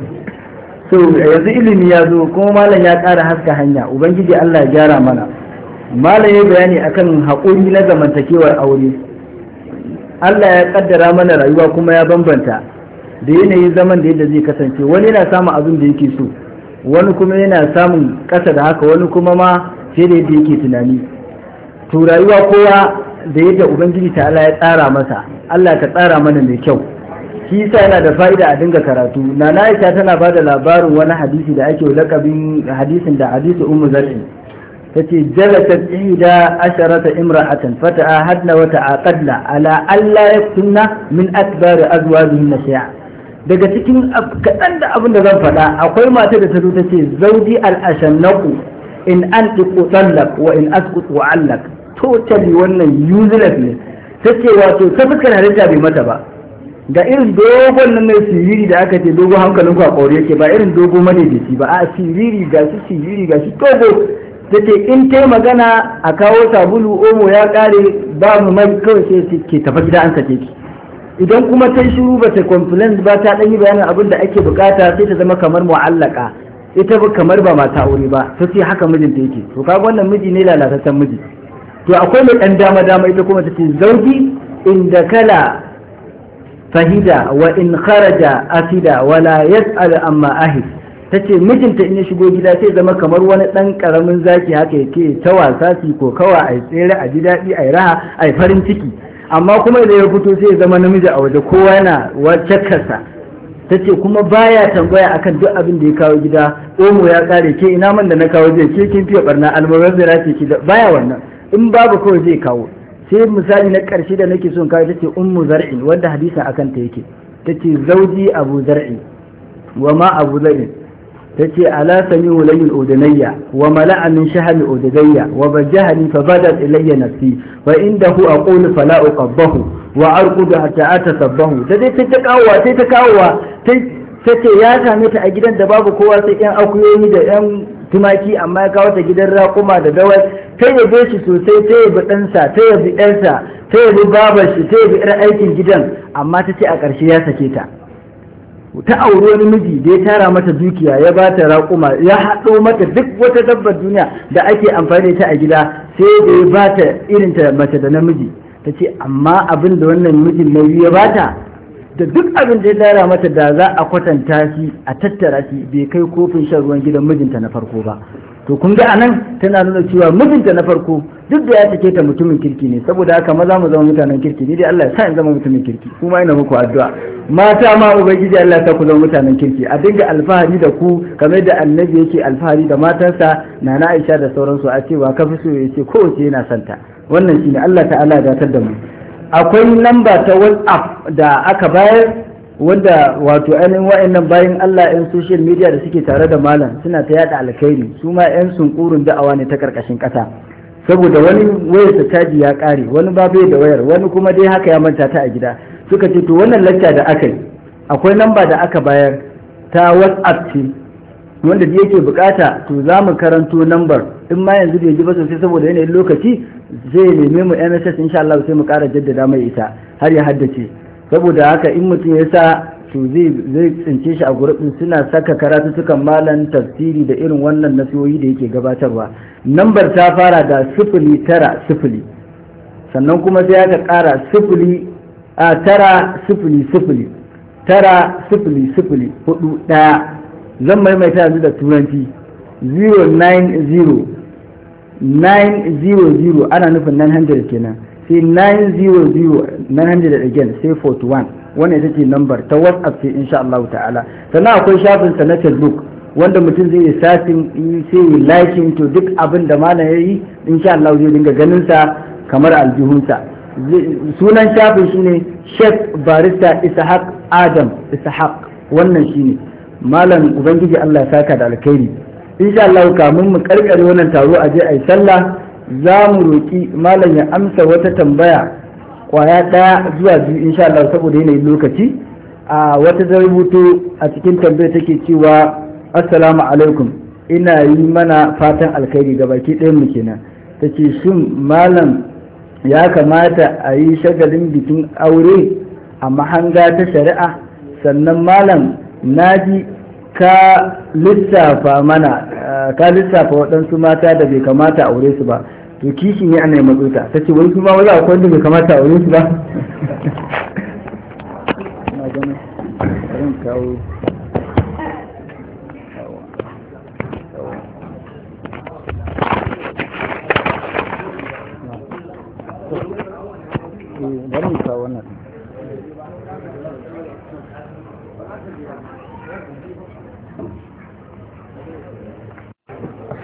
so yanzu ilimi ya zo kuma malam ya ƙara haska hanya ubangiji allah ya gyara mana malam ya bayani akan haƙuri na zamantakewar aure Allah ya kaddara mana rayuwa kuma ya bambanta da yanayin zaman da yadda zai kasance wani yana samun abin da yake so wani kuma yana samun ƙasa da haka wani kuma ma fiye da yadda yake tunani to rayuwa kowa da yadda ubangiji ta Allah ya tsara masa Allah ka tsara mana mai kyau shi yasa yana da fa'ida a dinga karatu nana Aisha tana ba da labarin wani hadisi da ake lakabin hadisin da hadisi ummu zarri تتي جلست إحدى عشرة امرأة فتعاهدن وتعاقدن على ألا يكتمن من أكبر أزواجهن شيئا daga cikin kaɗan da abin da zan faɗa akwai mata da ta zo ta ce zauji al'ashannaku in an tiku tsallak wa in askut wa allak totally wannan useless ne ta ce wato ta fuskar halitta bai mata ba ga irin dogon nan mai siriri da aka ce dogon hankalin ku a ƙauri yake ba irin dogo mane da shi ba a siriri ga shi siriri ga shi dogo ta ce in ta magana a kawo sabulu omo ya kare ba mu mai kawai sai ke tafi gida an kace ki idan kuma ta shiru ba ta complain ba ta dan yi bayanin abin da ake bukata sai ta zama kamar mu'allaka ita ba kamar ba mata aure ba to sai haka mijinta yake to kaga wannan miji ne lalataccen miji to akwai mai dan dama dama ita kuma ta ce zauji inda kala fahida wa in kharaja asida, wala yas'al amma ahid ta ce mijinta in ya shigo gida sai zama kamar wani ɗan ƙaramin zaki haka yake ta wasa su ko kawa a tsere a ji daɗi a yi raha a yi farin ciki amma kuma idan ya fito sai zama namiji a waje kowa yana wacakarsa ta ce kuma baya tambaya akan duk abin da ya kawo gida omo ya kare ke ina man da na kawo zai ke kin fiye barna almarar zai ce ki da baya wannan in babu kawai zai kawo sai misali na ƙarshe da nake son kawo ta ce ummu zar'in wanda hadisa akan ta yake ta ce zauji abu zar'in wa ma abu zar'in تتي ألا سميه لي الأذني وملأ من شهل أذني وبجهني فبدت إلي نفسي وعنده أقول فلا أقبه وأرقد حتى أتسبه تتي تتكاوى تتكاوى تتي يا سامي أجدا دباب كوا سيئن أقيوني دائم tumaki amma ya kawo ta gidan raƙuma da dawai ta yabe shi sosai ta yabi ɗansa ta yabi ɗansa ta yabi babar shi ta yabi ɗan aikin gidan amma ta ce a ƙarshe ya sake ta ta auri wani miji da ya tara mata dukiya ya ba ta raƙuma ya haɗo mata duk wata dabbar duniya da ake amfani da ita a gida sai da ya ba ta irin ta mace da namiji ta ce amma abin da wannan mijin nauyi ya ba ta da duk abin da ya tara mata da za a kwatanta shi a tattara shi bai kai kofin shan ruwan gidan mijinta na farko ba to kun ga anan tana nuna cewa mijinta na farko duk da ya take ta mutumin kirki ne saboda haka maza mu zama mutanen kirki ni dai Allah ya sa in zama mutumin kirki kuma ina muku addu'a mata ma ubangiji Allah ya sa ku zama mutanen kirki a dinga alfahari da ku kamar da annabi yake alfahari da matansa na Aisha da sauransu a cewa ka fi so yace kowace yana santa wannan shine Allah ta'ala ya datar da mu akwai lamba ta WhatsApp da aka bayar wanda wato ainihin wa'annan bayan Allah 'yan social media da suke tare da malam suna ta yada alkhairi su ma 'yan sunkurun da'awa ne ta karkashin kasa saboda wani wayar ta caji ya kare wani ba bai da wayar wani kuma dai haka ya manta ta a gida suka ce to wannan lacca da aka yi akwai namba da aka bayar ta whatsapp ce wanda da yake bukata to za mu karanto number. in ma yanzu bai ji ba sosai saboda yanayin lokaci zai neme mu NSS, insha Allah sai mu kara jaddada mai ita har ya haddace saboda haka in mutum ya sa to zai tsince shi a gurbin suna saka karatu suka malan tafsiri da irin wannan nasiyoyi da yake gabatarwa nambar ta fara da sifili tara sifili sannan kuma sai aka kara sifili a tara sifili sifili tara sifili sifili hudu ɗaya zan maimaita yanzu da turanci 090 900 ana nufin 900 kenan sai 900 again sai 41 wannan ita ce number ta whatsapp sai insha Allah ta'ala sannan akwai shafin sa na facebook wanda mutum zai yi satin sai yi liking to duk abin da malam yi insha Allah zai dinga ganin sa kamar aljihunsa sunan shafin shi ne chef Barista Ishaq Adam Ishaq wannan shi ne. malam ubangiji Allah ya saka da alkhairi insha Allah kamun mu karkare wannan taro a je yi sallah za mu roƙi malam ya amsa wata tambaya kwaya ɗaya zuwa biyu insha Allah saboda yanayin lokaci a wata ta rubuto a cikin tambayar take cewa assalamu alaikum ina yi mana fatan alkhairi ga baki ɗaya mu kenan ta ce shin malam ya kamata a yi shagalin bikin aure a mahanga ta shari'a sannan malam na ji ka lissafa mana ka lissafa waɗansu mata da bai kamata a aure su ba to kishi ne ana matso ta ta ce wai kuma wani akwai wanda bai kamata a aure su ba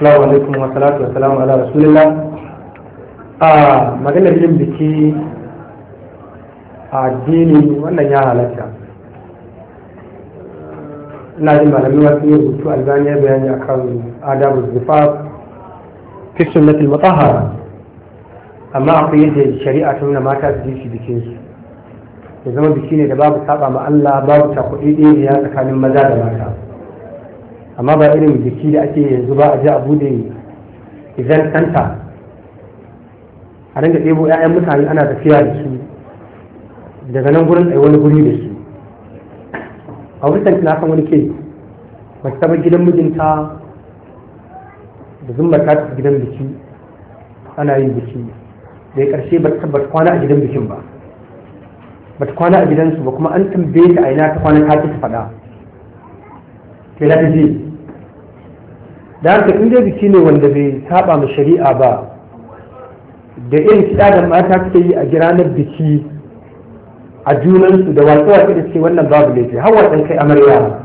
Assalamu alaikum wa salatu wa salamu ala rasulillah. A maganar yin biki a addini wannan ya halatta. Ina jin malami wasu yin rubutu albani ya a akan adabu fiction na sunnatul mutahhara. Amma akwai yadda shari'a ta nuna mata su yi bikin su. Ya zama biki ne da babu saba ma Allah babu cakuɗi ɗaya tsakanin maza da mata. amma ba irin jiki da ake yanzu ba a ji abu da event center a ringa ɗebo 'ya'yan mutane ana tafiya da su daga nan gurin ɗaya wani guri da su a wurin na san wani ke mace ta gidan mijinta da zumba ta tafi gidan biki ana yin biki da ya ƙarshe ba ta kwana a gidan bikin ba ba ta kwana a gidansu ba kuma an tambaye ta aina ta kwana ta ta faɗa sai na tafi da haka in dai biki ne wanda bai saba ma shari'a ba da irin kiɗa da mata suke yi a giranar biki a junansu da watsa-watsa da suke wannan babu laifi har watsan kai amarya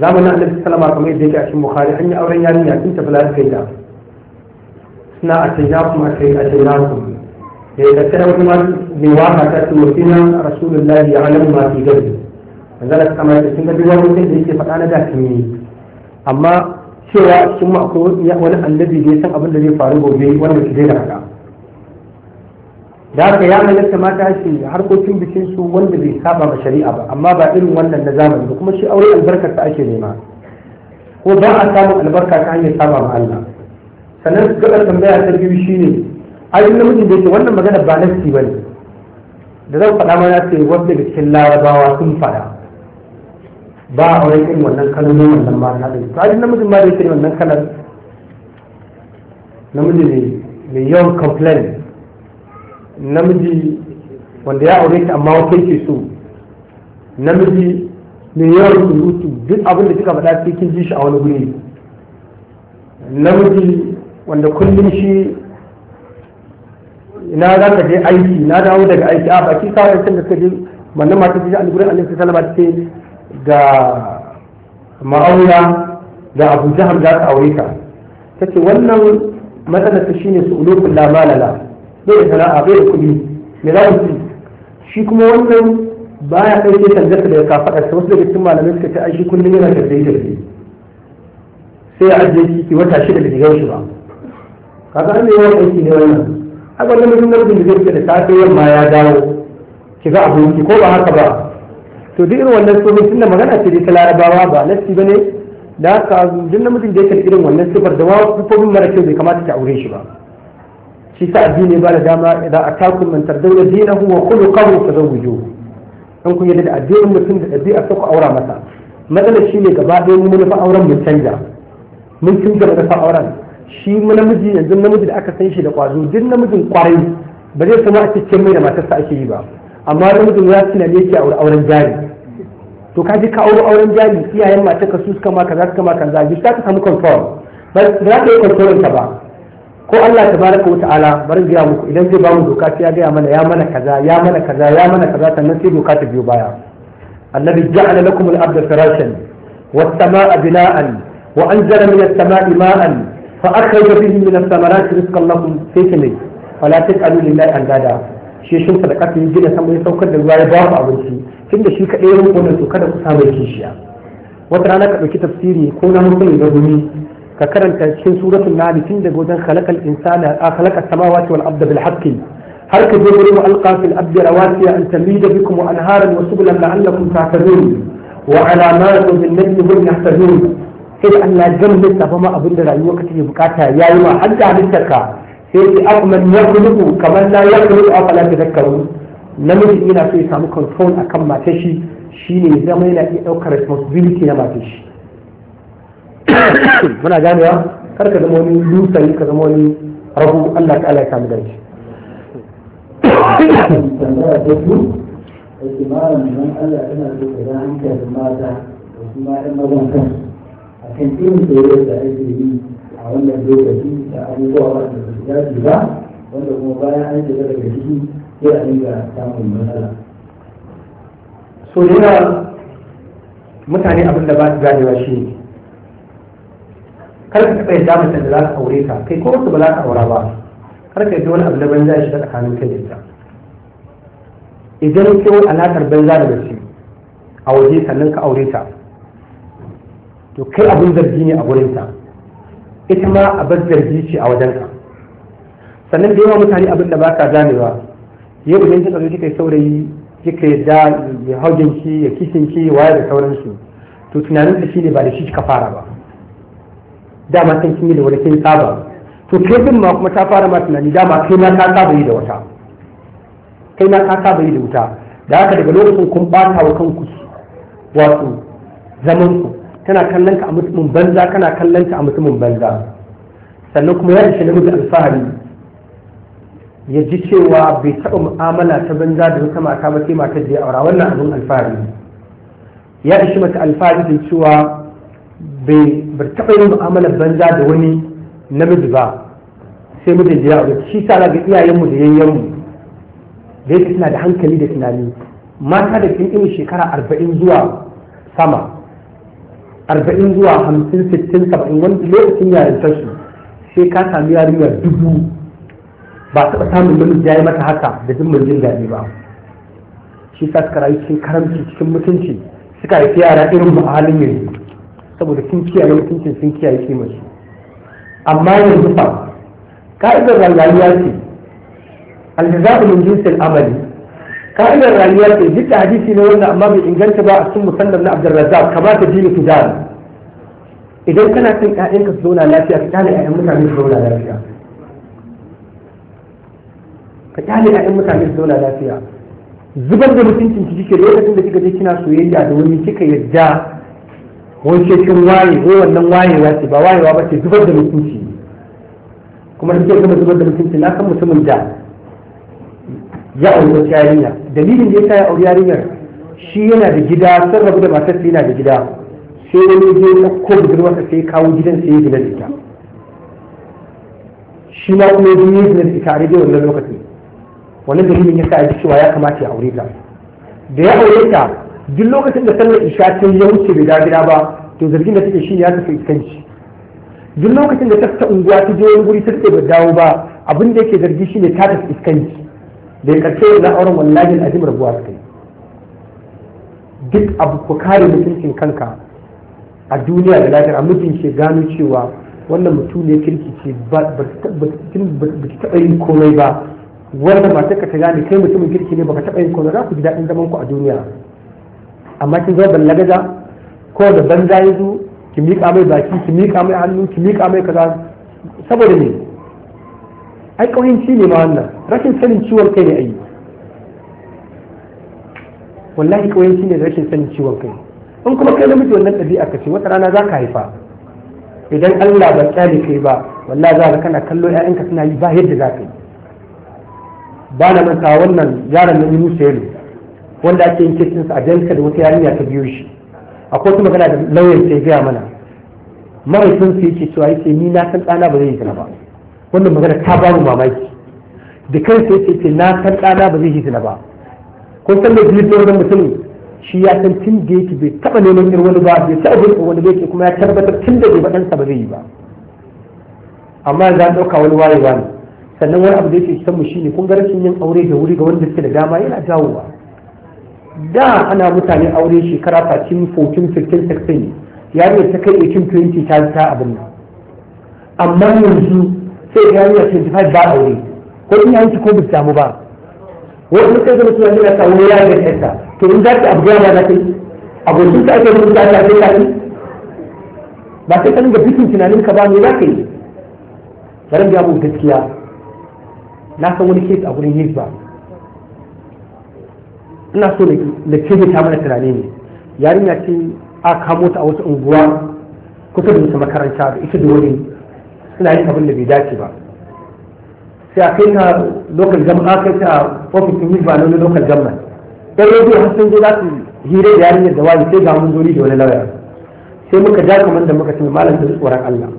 zamanin annabi sallama kamar yadda yake a cikin bukhari an yi auren yarinya tun tafi lafiya da suna a sai na kuma kai a sai na da ya tattara wata mai waka ta ce wa sina rasulullahi ya alamu ma fi gari manzala ta kama da kinga duk wani da yake faɗa na da kan yi amma cewa a ma akwai wani annabi da ya san abin da zai faru gobe wanda su daina haka da haka ya halatta mata shi harkokin bikin su wanda bai saba ma shari'a ba amma ba irin wannan na zamani ba kuma shi aure albarkar ta ake nema ko ba a samun albarka ta hanyar saba ma Allah sannan gabar tambaya ta biyu shine ayin namijin da yake wannan magana ba nafsi bane da zan faɗa mana sai wanda da cikin larabawa sun faɗa ba a wani irin wannan kalmomi wannan na da to ajin namijin ma da yake wannan kalar namiji ne mai yawan complain namiji wanda ya aure ta amma wakai ke so namiji mai yawan surutu duk abin da kika faɗa sai kin ji shi a wani guri namiji wanda kullum shi ina za ka je aiki na dawo daga aiki a baki kawai sun da suka je wannan mata ta ji a gurin annabi sallallahu alaihi wasallam ta ga ma'auna da abu jahar za ta aure ka ta ce wannan matsalar ta shine su ulufin lamalala bai da sana'a bai da kuɗi me za mu ci shi kuma wannan baya da tangarsa daga kafaɗarsa wasu daga cikin malamai suka ce ai shi kullum yana zai tafiye sai ya ajiye ciki wata shida da shigar shi ba ga ne yawan aiki ne wannan a wannan mutum da zai da safe yamma ya dawo ki ga abinci ko ba haka ba to duk irin wannan sufofin tunda magana ce dai ta larabawa ba nasi bane da haka duk namijin da ya karɓi irin wannan sufar da kufofin mara kyau bai kamata ta aure shi ba shi sa addini ba da dama idan a takun man tardauna da dinahu wa khuluqahu fa zawwijuhu an kun yadda da addinin mutum da ɗabi'a ta ku aura masa matsalar shi ne gaba ɗaya mun manufa auren mun canja mun canja manufa auren shi namiji yanzu namiji da aka san shi da kwazo duk namijin kwarai ba zai sama a cikin mai da matarsa ake yi ba amma wani mutum ya tunani yake a auren jari to ka ka aure auren jari iyayen mata ka su suka ma kaza suka ma kaza ji ka samu control ba za ka yi control ta ba ko Allah ta tabaraka wata'ala bari gaya muku idan zai ba mu doka sai ya gaya mana ya mana kaza ya mana kaza ya mana kaza sannan sai doka ta biyo baya annabi ja'ala lakum al-abda firashan was-samaa'a bina'an wa anzala min as-samaa'i ma'an fa akhraja bihi min ath-thamarati rizqan lakum sai ne fala taj'alu lillahi andada shi shin da kafin gina sama ya saukar da ruwa ya ba ku abinci tun da shi kaɗai ya rubuta to kada ku samu kishiya wata rana ka ɗauki tafsiri ko na musulmi da gumi ka karanta cikin suratul nahl tun daga wajen khalaqal insana a khalaqa samawati wal arda bil haqqi har ka je gurin alqa fil ardi rawasiya an tamida bikum wa anharan wa subulan la'allakum tahtadun wa alamatin bin najmi hum yahtadun sai Allah ya gamba ma abin da rayuwa ka bukata yayi ma hadda halittarka sai ce akuman ya kuluku kamar na ya kuluku a falata da karu namiji yana so ya samu control a kan matar shi shi ne zama yana iya ɗaukar responsibility na mace shi muna ganewa kar ka zama wani lusari ka zama wani rahu Allah ta ala ya samu dace a kan irin soyayya da ake yi a wannan lokaci da abubuwa da ba su dace ba wanda kuma bayan an shiga daga ciki sai a dinga samun matsala so mutane abin da ba su gane ba shi ne kar ka taɓa yadda mutum da za ka aure ka kai ko wasu ba za ka aura ba kar ka yadda wani abu na banza ya shiga tsakanin kai da ita idan wani alaƙar banza da mace a waje sannan ka aure ta to kai abin zargi ne a ta. ita ma a bar zargi ce a wajenka sannan da yawa mutane abin da ba ka ganewa yau da kika zo kai saurayi kai da ya hau ki ya kishin ki waye da sauransu to tunanin shi ne ba da shi kika fara ba dama sun kin yi da wani kin saba to kai ma kuma ta fara ma tunani dama kai na ka saba yi da wata kai na ka saba yi da wuta da haka daga lokacin kun ɓata wa kanku wato zaman ku kana kallon a mutumin banza kana kallon ta a mutumin banza sannan kuma ya shi namiji alfahari ya ji cewa bai taɓa mu'amala ta banza da wata mata ba sai mata da aura wannan abin alfahari ya ishi mata alfahari da cewa bai taɓa yin mu'amalar banza da wani namiji ba sai mu je ya aure shi sa ga iyayenmu da yayyenmu da yake suna da hankali da tunani mata da kin shekara arba'in zuwa sama arba'in zuwa hamsin sittin saba'in wanda lokacin yarintar su sai ka sami yarinya dubu ba taɓa samun namiji ya yi mata haka da jin jin daɗi ba shi sa suka rayu cikin karamci cikin mutunci suka haifi yara irin mu a halin yanzu saboda sun kiyaye mutuncin sun kiyaye kimar su amma yanzu fa ka'idar rayuwa ce aljaza'u min jinsil amali ka'idar rayuwa ce duk da hadisi ne wanda amma bai inganta ba a cikin musannaf na Abdurrazzaq kamar ta jini ku dan idan kana son ka su zauna lafiya ka kyale ƴaƴan mutane su zauna lafiya ka kyale ƴaƴan mutane su zauna lafiya zubar da mutuncin ki kike lokacin da kika je kina soyayya da wani kika yadda wace kin waye ko wannan wayewa ce ba wayewa ba ce zubar da mutunci kuma kike kuma zubar da mutunci na kan mutumin da ya aure yarinya dalilin da ya sa ya auri yarinyar shi yana da gida sun rabu da matarsa yana da gida sai wani je ya ko wata sai kawo gidan sai ya gina da ita shi ma kuma ya yi gina da ita a rediyo wannan lokaci wannan dalilin ya sa ya cewa ya kamata ya aure ta da ya aure ta duk lokacin da sallar isha ta ya wuce bai dawo gida ba to zargin da take shi ya tafi kanci duk lokacin da ta fita unguwa ta je wani guri ta take ba dawo ba abin da yake zargi shi ne ta tafi iskanci da karshe da auren wallahi al'azim rabuwa suka yi duk abu ku kare mutuncin kanka a duniya da a mutum ke gano cewa wannan mutum ne kirki ce ba ki taɓa yin komai ba wanda ba ka ta gane kai mutumin kirki ne ba ka taɓa yin komai za ku ji daɗin zaman ku a duniya amma kin zo lagaza ko da banza ya zo ki miƙa mai baki ki miƙa mai hannu ki miƙa mai kaza saboda ne ai ƙauyanci ne ma wannan rashin sanin ciwon kai ne ayi wallahi ƙauyanci ne rashin sanin ciwon kai in kuma kai namiji wannan ɗabi'a ka ce wata rana za ka haifa idan Allah ba kyale kai ba wallahi za ka kana kallo ƴaƴanka suna yi ba yadda za ka yi ba na manta wannan yaron na Yunus Yelo wanda ake yin sa a danka da wata yarinya ta biyo shi akwai kuma magana da lauyan sai gaya mana mahaifin su yake cewa yake ni na san tsana ba zai yi ba wannan magana ta ba mu mamaki da kan sai ce ce na san ɗana ba zai yi zina ba ko san da biyu wannan mutum shi ya san tun da yake bai taɓa neman irin wani ba bai taɓa bin wani bai kuma ya tabbatar tun da bai baɗansa ba zai yi ba amma za a ɗauka wani waye ne sannan wani abu da yake san mu shine kun ga rashin yin aure da wuri ga wanda suke da dama yana jawowa da ana mutane aure shekara 13 14 15 16 yarinya ta kai 18 20 ta zata abin nan amma yanzu sai yi yarinya 25 ba aure ko in ya yanki ko bai samu ba wasu kai zama suna ya samu ya ga yarta to in za ta abu ba za ta yi abokin ka ake rubuta ta sai ka yi ba sai ka dinga bikin tunanin ka ba ne za ka yi bari biya mu gaskiya na san wani kes a gurin ba, ina so da ke ta mana tunani ne yarinya ce a kamo ta a wasu unguwa kusa da makaranta da ita da wani suna yin abin da bai dace ba sai a kai ta local jama'a kai ta ofisin hizba na wani local jama'a ɗan yau har sun je za su hira da yarinyar da wani sai ga mun zuri da wani lauya sai muka ja kamar da muka cimma malam da tsoron Allah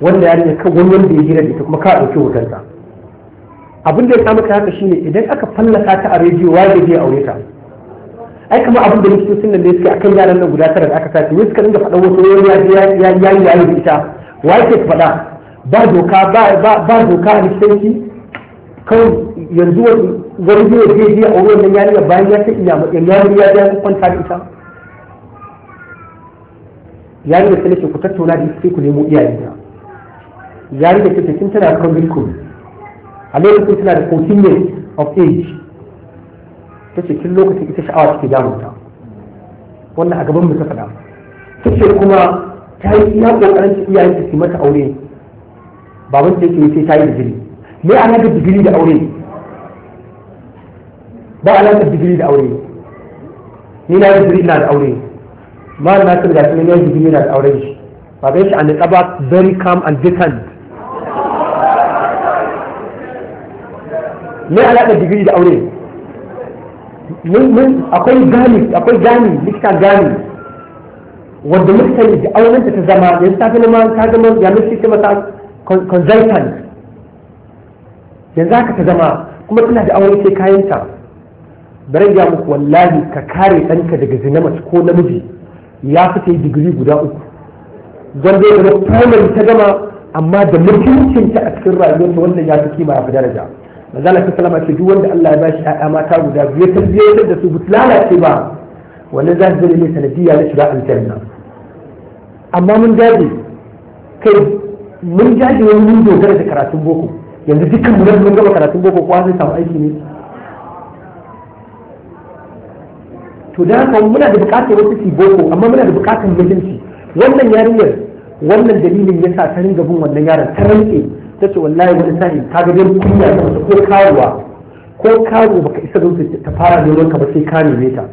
wanda yarinya kan wani wanda ya hira da ita kuma ka ɗauki hotonta abin da ya samu haka shine idan aka fallasa ta a rediyo da biyu aure ta ai kamar abin da likitocin nan da suke akan yaran nan guda tara da aka sace ne suka dinga faɗa wasu wani ya ya ya ya da ita wai ke faɗa ba doka ba doka a likitanci kawai yanzu wani zai zai je a wurin yariya bayan ya ta iya yariya ya ya kwanta da ita yariya sai ku tattauna da sai ku nemo iyaye ta da take tun tana kan school a lokacin tana da 14 years of age ta ce lokacin ita sha'awa take damunta wannan a gaban mu ta faɗa ta ce kuma ta yi iya kokarin ta iyayen ta su mata aure ba wanda yake sai ta yi digiri me alaƙar digiri da aure ba alaƙar digiri da aure ni na yi digiri ina da aure ma na ta da ne yi digiri ina da aure shi ba ga shi an da ba very calm and distant me alaƙar digiri da aure akwai gani akwai gani likita gani wanda muka yi da auren ta zama yanzu ta zama ta zama ya mace ta mata consultant yanzu haka ta zama kuma tana da aure sai kayanta bari ya muku wallahi ka kare ɗanka daga zina mace ko namiji ya fi ta yi digiri guda uku don zai zama ta gama amma da mutuncinta a cikin rayuwarta wannan ya fi kima ya fi daraja manzala ta salama ce duk wanda Allah ya bashi ƴaƴa mata guda biyu tarbiyyar da su bu lalace ba wannan za su zama ne sanadiyya na shiga aljanna amma mun dade kai mun jaje wani mun dogara da karatun boko yanzu dukkan mu mun gaba karatun boko kowa zai samu aiki ne to da haka muna da bukatar wasu su boko amma muna da bukatar mutunci wannan yarinyar wannan dalilin yasa ta ringa bin wannan yaron ta rantse ta ce wallahi wani sa'i ta ga dai kunya ta ko karuwa ko karo baka isa da ta fara neman ka ba sai ka neme ta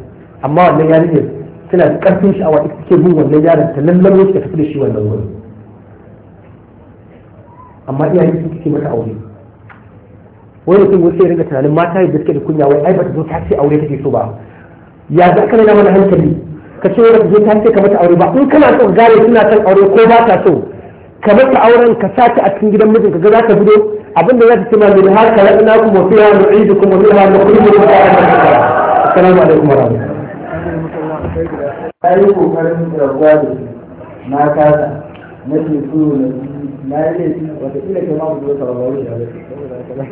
amma wannan yarinyar tana da karfin sha'awa ita take bin wannan yaron ta lallabo ta tafi da shi wannan wurin amma iyaye su suke mata aure wani mutum wani sai ringa tunanin mata yadda suke da kunya wai ai ba ta zo ta ce aure take so ba ya za ka nuna mana hankali ka ce wani zo ta ce ka mata aure ba in kana son gane suna son aure ko ba ta so ka mata auren ka sa ta a cikin gidan mijin ka ga za ka fito abin da za ta ce ma min haka ya na kuma fiya nu'idukum kuma minha nukhrijukum mu alaikum wa rahmatullahi na yi kokarin da su na kasa nake so na na yin ne wata ke ma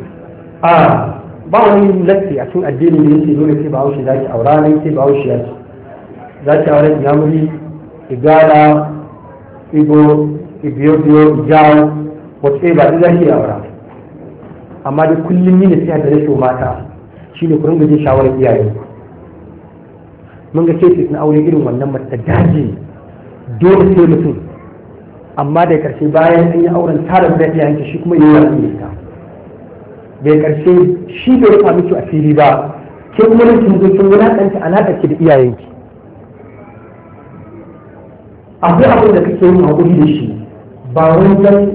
a ba wani da a cikin addini ne yake dole sai ba haushi ki aura ne sai ba haushi ya ce aura ya muri igala igbo ibiyobiyo jawo wata ɗaya ba za ki aura amma da kullum yi nasiha da rashin mata shi ne kurin gajin shawarar iyaye mun ga cases na aure irin wannan mata daji dole sai mutum amma da karshe bayan an yi auren tarin da yanke shi kuma yi yaran ita bai karshe shi bai rufa miki a fili ba kin wani kin zo kin wulaƙanta alaƙar ki da iyayenki akwai abin da kake yin haƙuri da shi ba wajen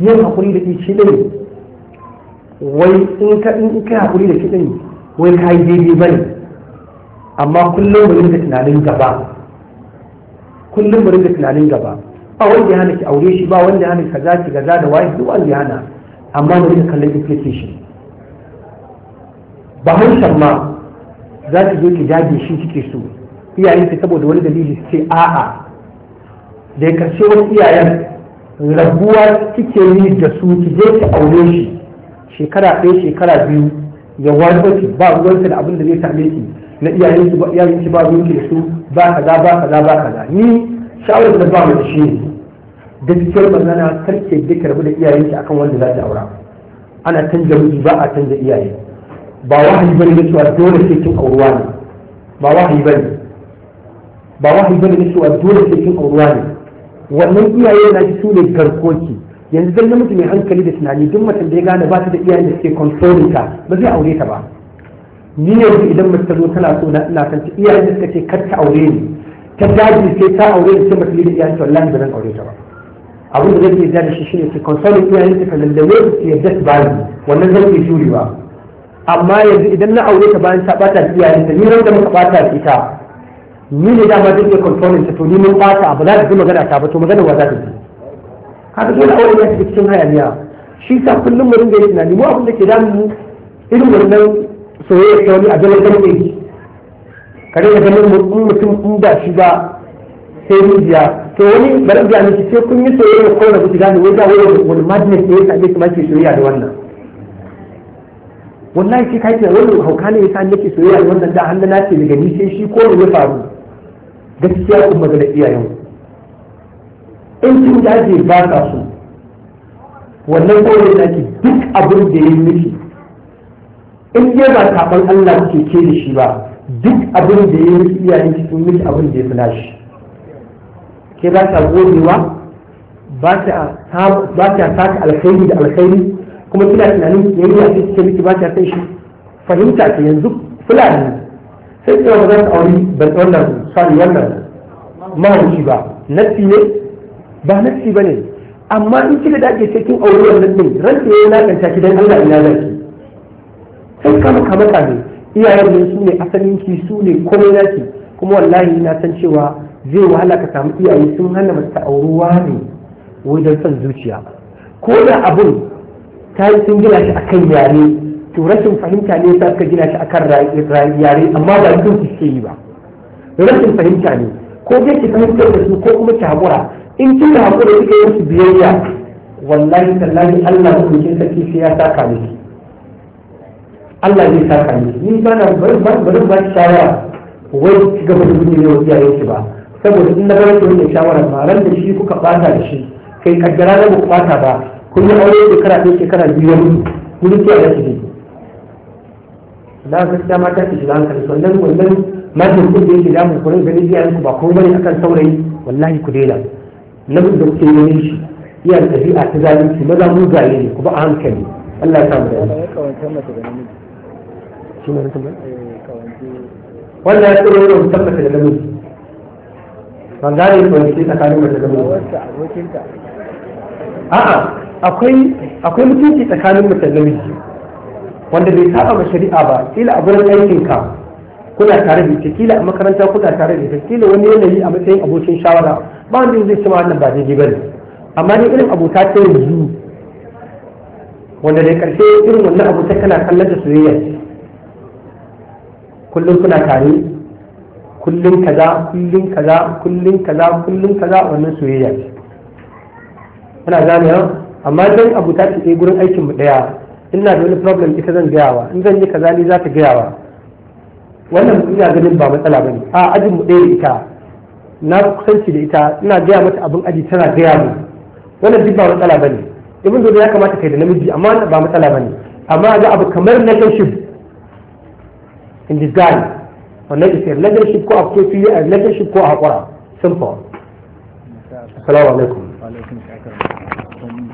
yin haƙuri da shi ne wai in ka in ka haƙuri da shi ne wai ka yi daidai bane amma kullum mu rinka tunanin gaba kullum mu rinka tunanin gaba ba wanda ya hana ki aure shi ba wanda ya hana ka za ki gaza da waye duk wanda ya hana amma mu rika kallon implication ba haushen ma za ki zo ki dage shi kike so iyayen ki saboda wani dalili su ce a'a da ya karshe wani iyayen rabuwa kike yi da su ki je ki aure shi shekara ɗaya shekara biyu ya warke ba ruwansa da abin da zai same ki na iyayen ki ba iyayen ki ba ruwanki da su ba kaza ba kaza ba kaza ni shawarar da ba mu da shi ne gaskiyar magana karke da karbi da iyayen shi akan wanda za ta aura ana canja miji ba a canja iyaye ba wahayi bane ne cewa dole sai kin auruwa ne ba wahayi bane ba wahayi bane ne cewa dole sai kin auruwa ne wannan iyaye na su ne garkoki yanzu dan namiji mai hankali da tunani duk mutum da ya gane ba ta da iyayen da suke controlling ta ba zai aure ta ba ni yanzu idan mace ta zo tana so na ina san ta iyayen da suka ce kar ta aure ni ta dace sai ta aure ni sai mace da iyayen ta wallahi ba zan aure ta ba abin da zai iya da shi shine ki ya yi ka lallabe su ki yadda su wannan zai iya jurewa amma yanzu idan na aure ta bayan ta bata da iyayen ta ni ran da muka bata da ita ni ne ma zai iya ta to ni mun bata ba za ta ji magana ta ba to magana ba za ta ji haka dole aure ya shiga cikin hayaniya shi sa kullum mu ringa yin tunani mu abin da ke damu mu irin wannan soyayya ta wani a jalar ganin ka ringa ganin mutum in ba shi ba sai rijiya to wani bari biya miki sai kun yi soyayya ko na kuci gane wai da wani wani madness ne yasa yake maki soyayya da wannan wallahi sai kai da wani hauka ne yasa yake soyayya da wannan da hannu na ce daga ni sai shi ko ne ya faru gaskiya kun magana iyayen in kin daje ba ka so wannan kowai da ke duk abin da ya yi miki in dai ba kafin Allah ke ke da shi ba duk abin da ya yi miki iyayen ki sun miki abin da ya fi nashi ke ba ta gobewa ba ta saka alkhairi da alkhairi kuma kina tunanin yayi ya ce kike miki ba ta san shi fahimta yanzu fulani sai kira ba za ta auri ba wannan sani wannan mahauci ba nassi ne ba nassi ba ne amma in kika da ake cikin auri nan din ran da ya lakanta ki dan Allah ina zaki sai kama kama ne iyayen ne su ne asalin ki su ne komai naki kuma wallahi na san cewa zai wahala ka samu iyaye sun hana masu ta'auruwa ne wajen son zuciya ko da abin ta yi sun gina shi akan yare to rashin fahimta ne sa suka gina shi akan yare amma ba yin ke yi ba rashin fahimta ne ko zai ki fahimtar da su ko kuma ki haƙura in kin da haƙura kika yi musu biyayya wallahi tallahi Allah ku kin saki sai ya saka miki Allah zai saka miki ni ba na bari ba ki shawara wai ki gaba da gudu ne wa iyayen ki ba saboda in na bar ku ne shawara ba ran da shi kuka bata da shi kai kaddara da ku bata ba kun yi aure shekara ɗaya shekara biyu ya mutu kun ce a shi na gaskiya mata su shiga hankali wannan wannan majin kun da yake damun ku rin ganin iyayen ku ba ko bane akan saurayi wallahi ku daina nabin da kuke yi shi iya tafiya ta zalunci maza mu gaye ne ku ba a hankali Allah ya mu da yana shi ne eh, wannan ya tsoro da musamman da namiji ban gane ko yake tsakanin mace da namiji a'a akwai akwai mutunci tsakanin mace da namiji wanda bai saba ma shari'a ba kila a gurin aikin ka kuna tare da ita kila a makaranta kuna tare da ita kila wani yanayi a matsayin abokin shawara ba wanda zai ce ma wannan ba daidai bane amma ne irin abota ta yanzu wanda dai karshe irin wannan abota kana kallon da soyayya kullum kuna tare kullum kaza kullum kaza kullum kaza kullum kaza wannan soyayya ce muna gane amma idan abu ta ce gurin aikin mu daya ina da wani problem ita zan gayawa in zan yi kaza ni za ta gayawa wannan ina ganin ba matsala ne a ajin mu daya ita na kusanci da ita ina gaya mata abin aji tana gaya mu wannan duk ba matsala ne. ibn dole ya kamata kai da namiji amma ba matsala ne. amma ga abu kamar na shi in disguise ونجسر لجل شبكو أبكي فيه لجل شبكو أبكي فيه سمطة السلام عليكم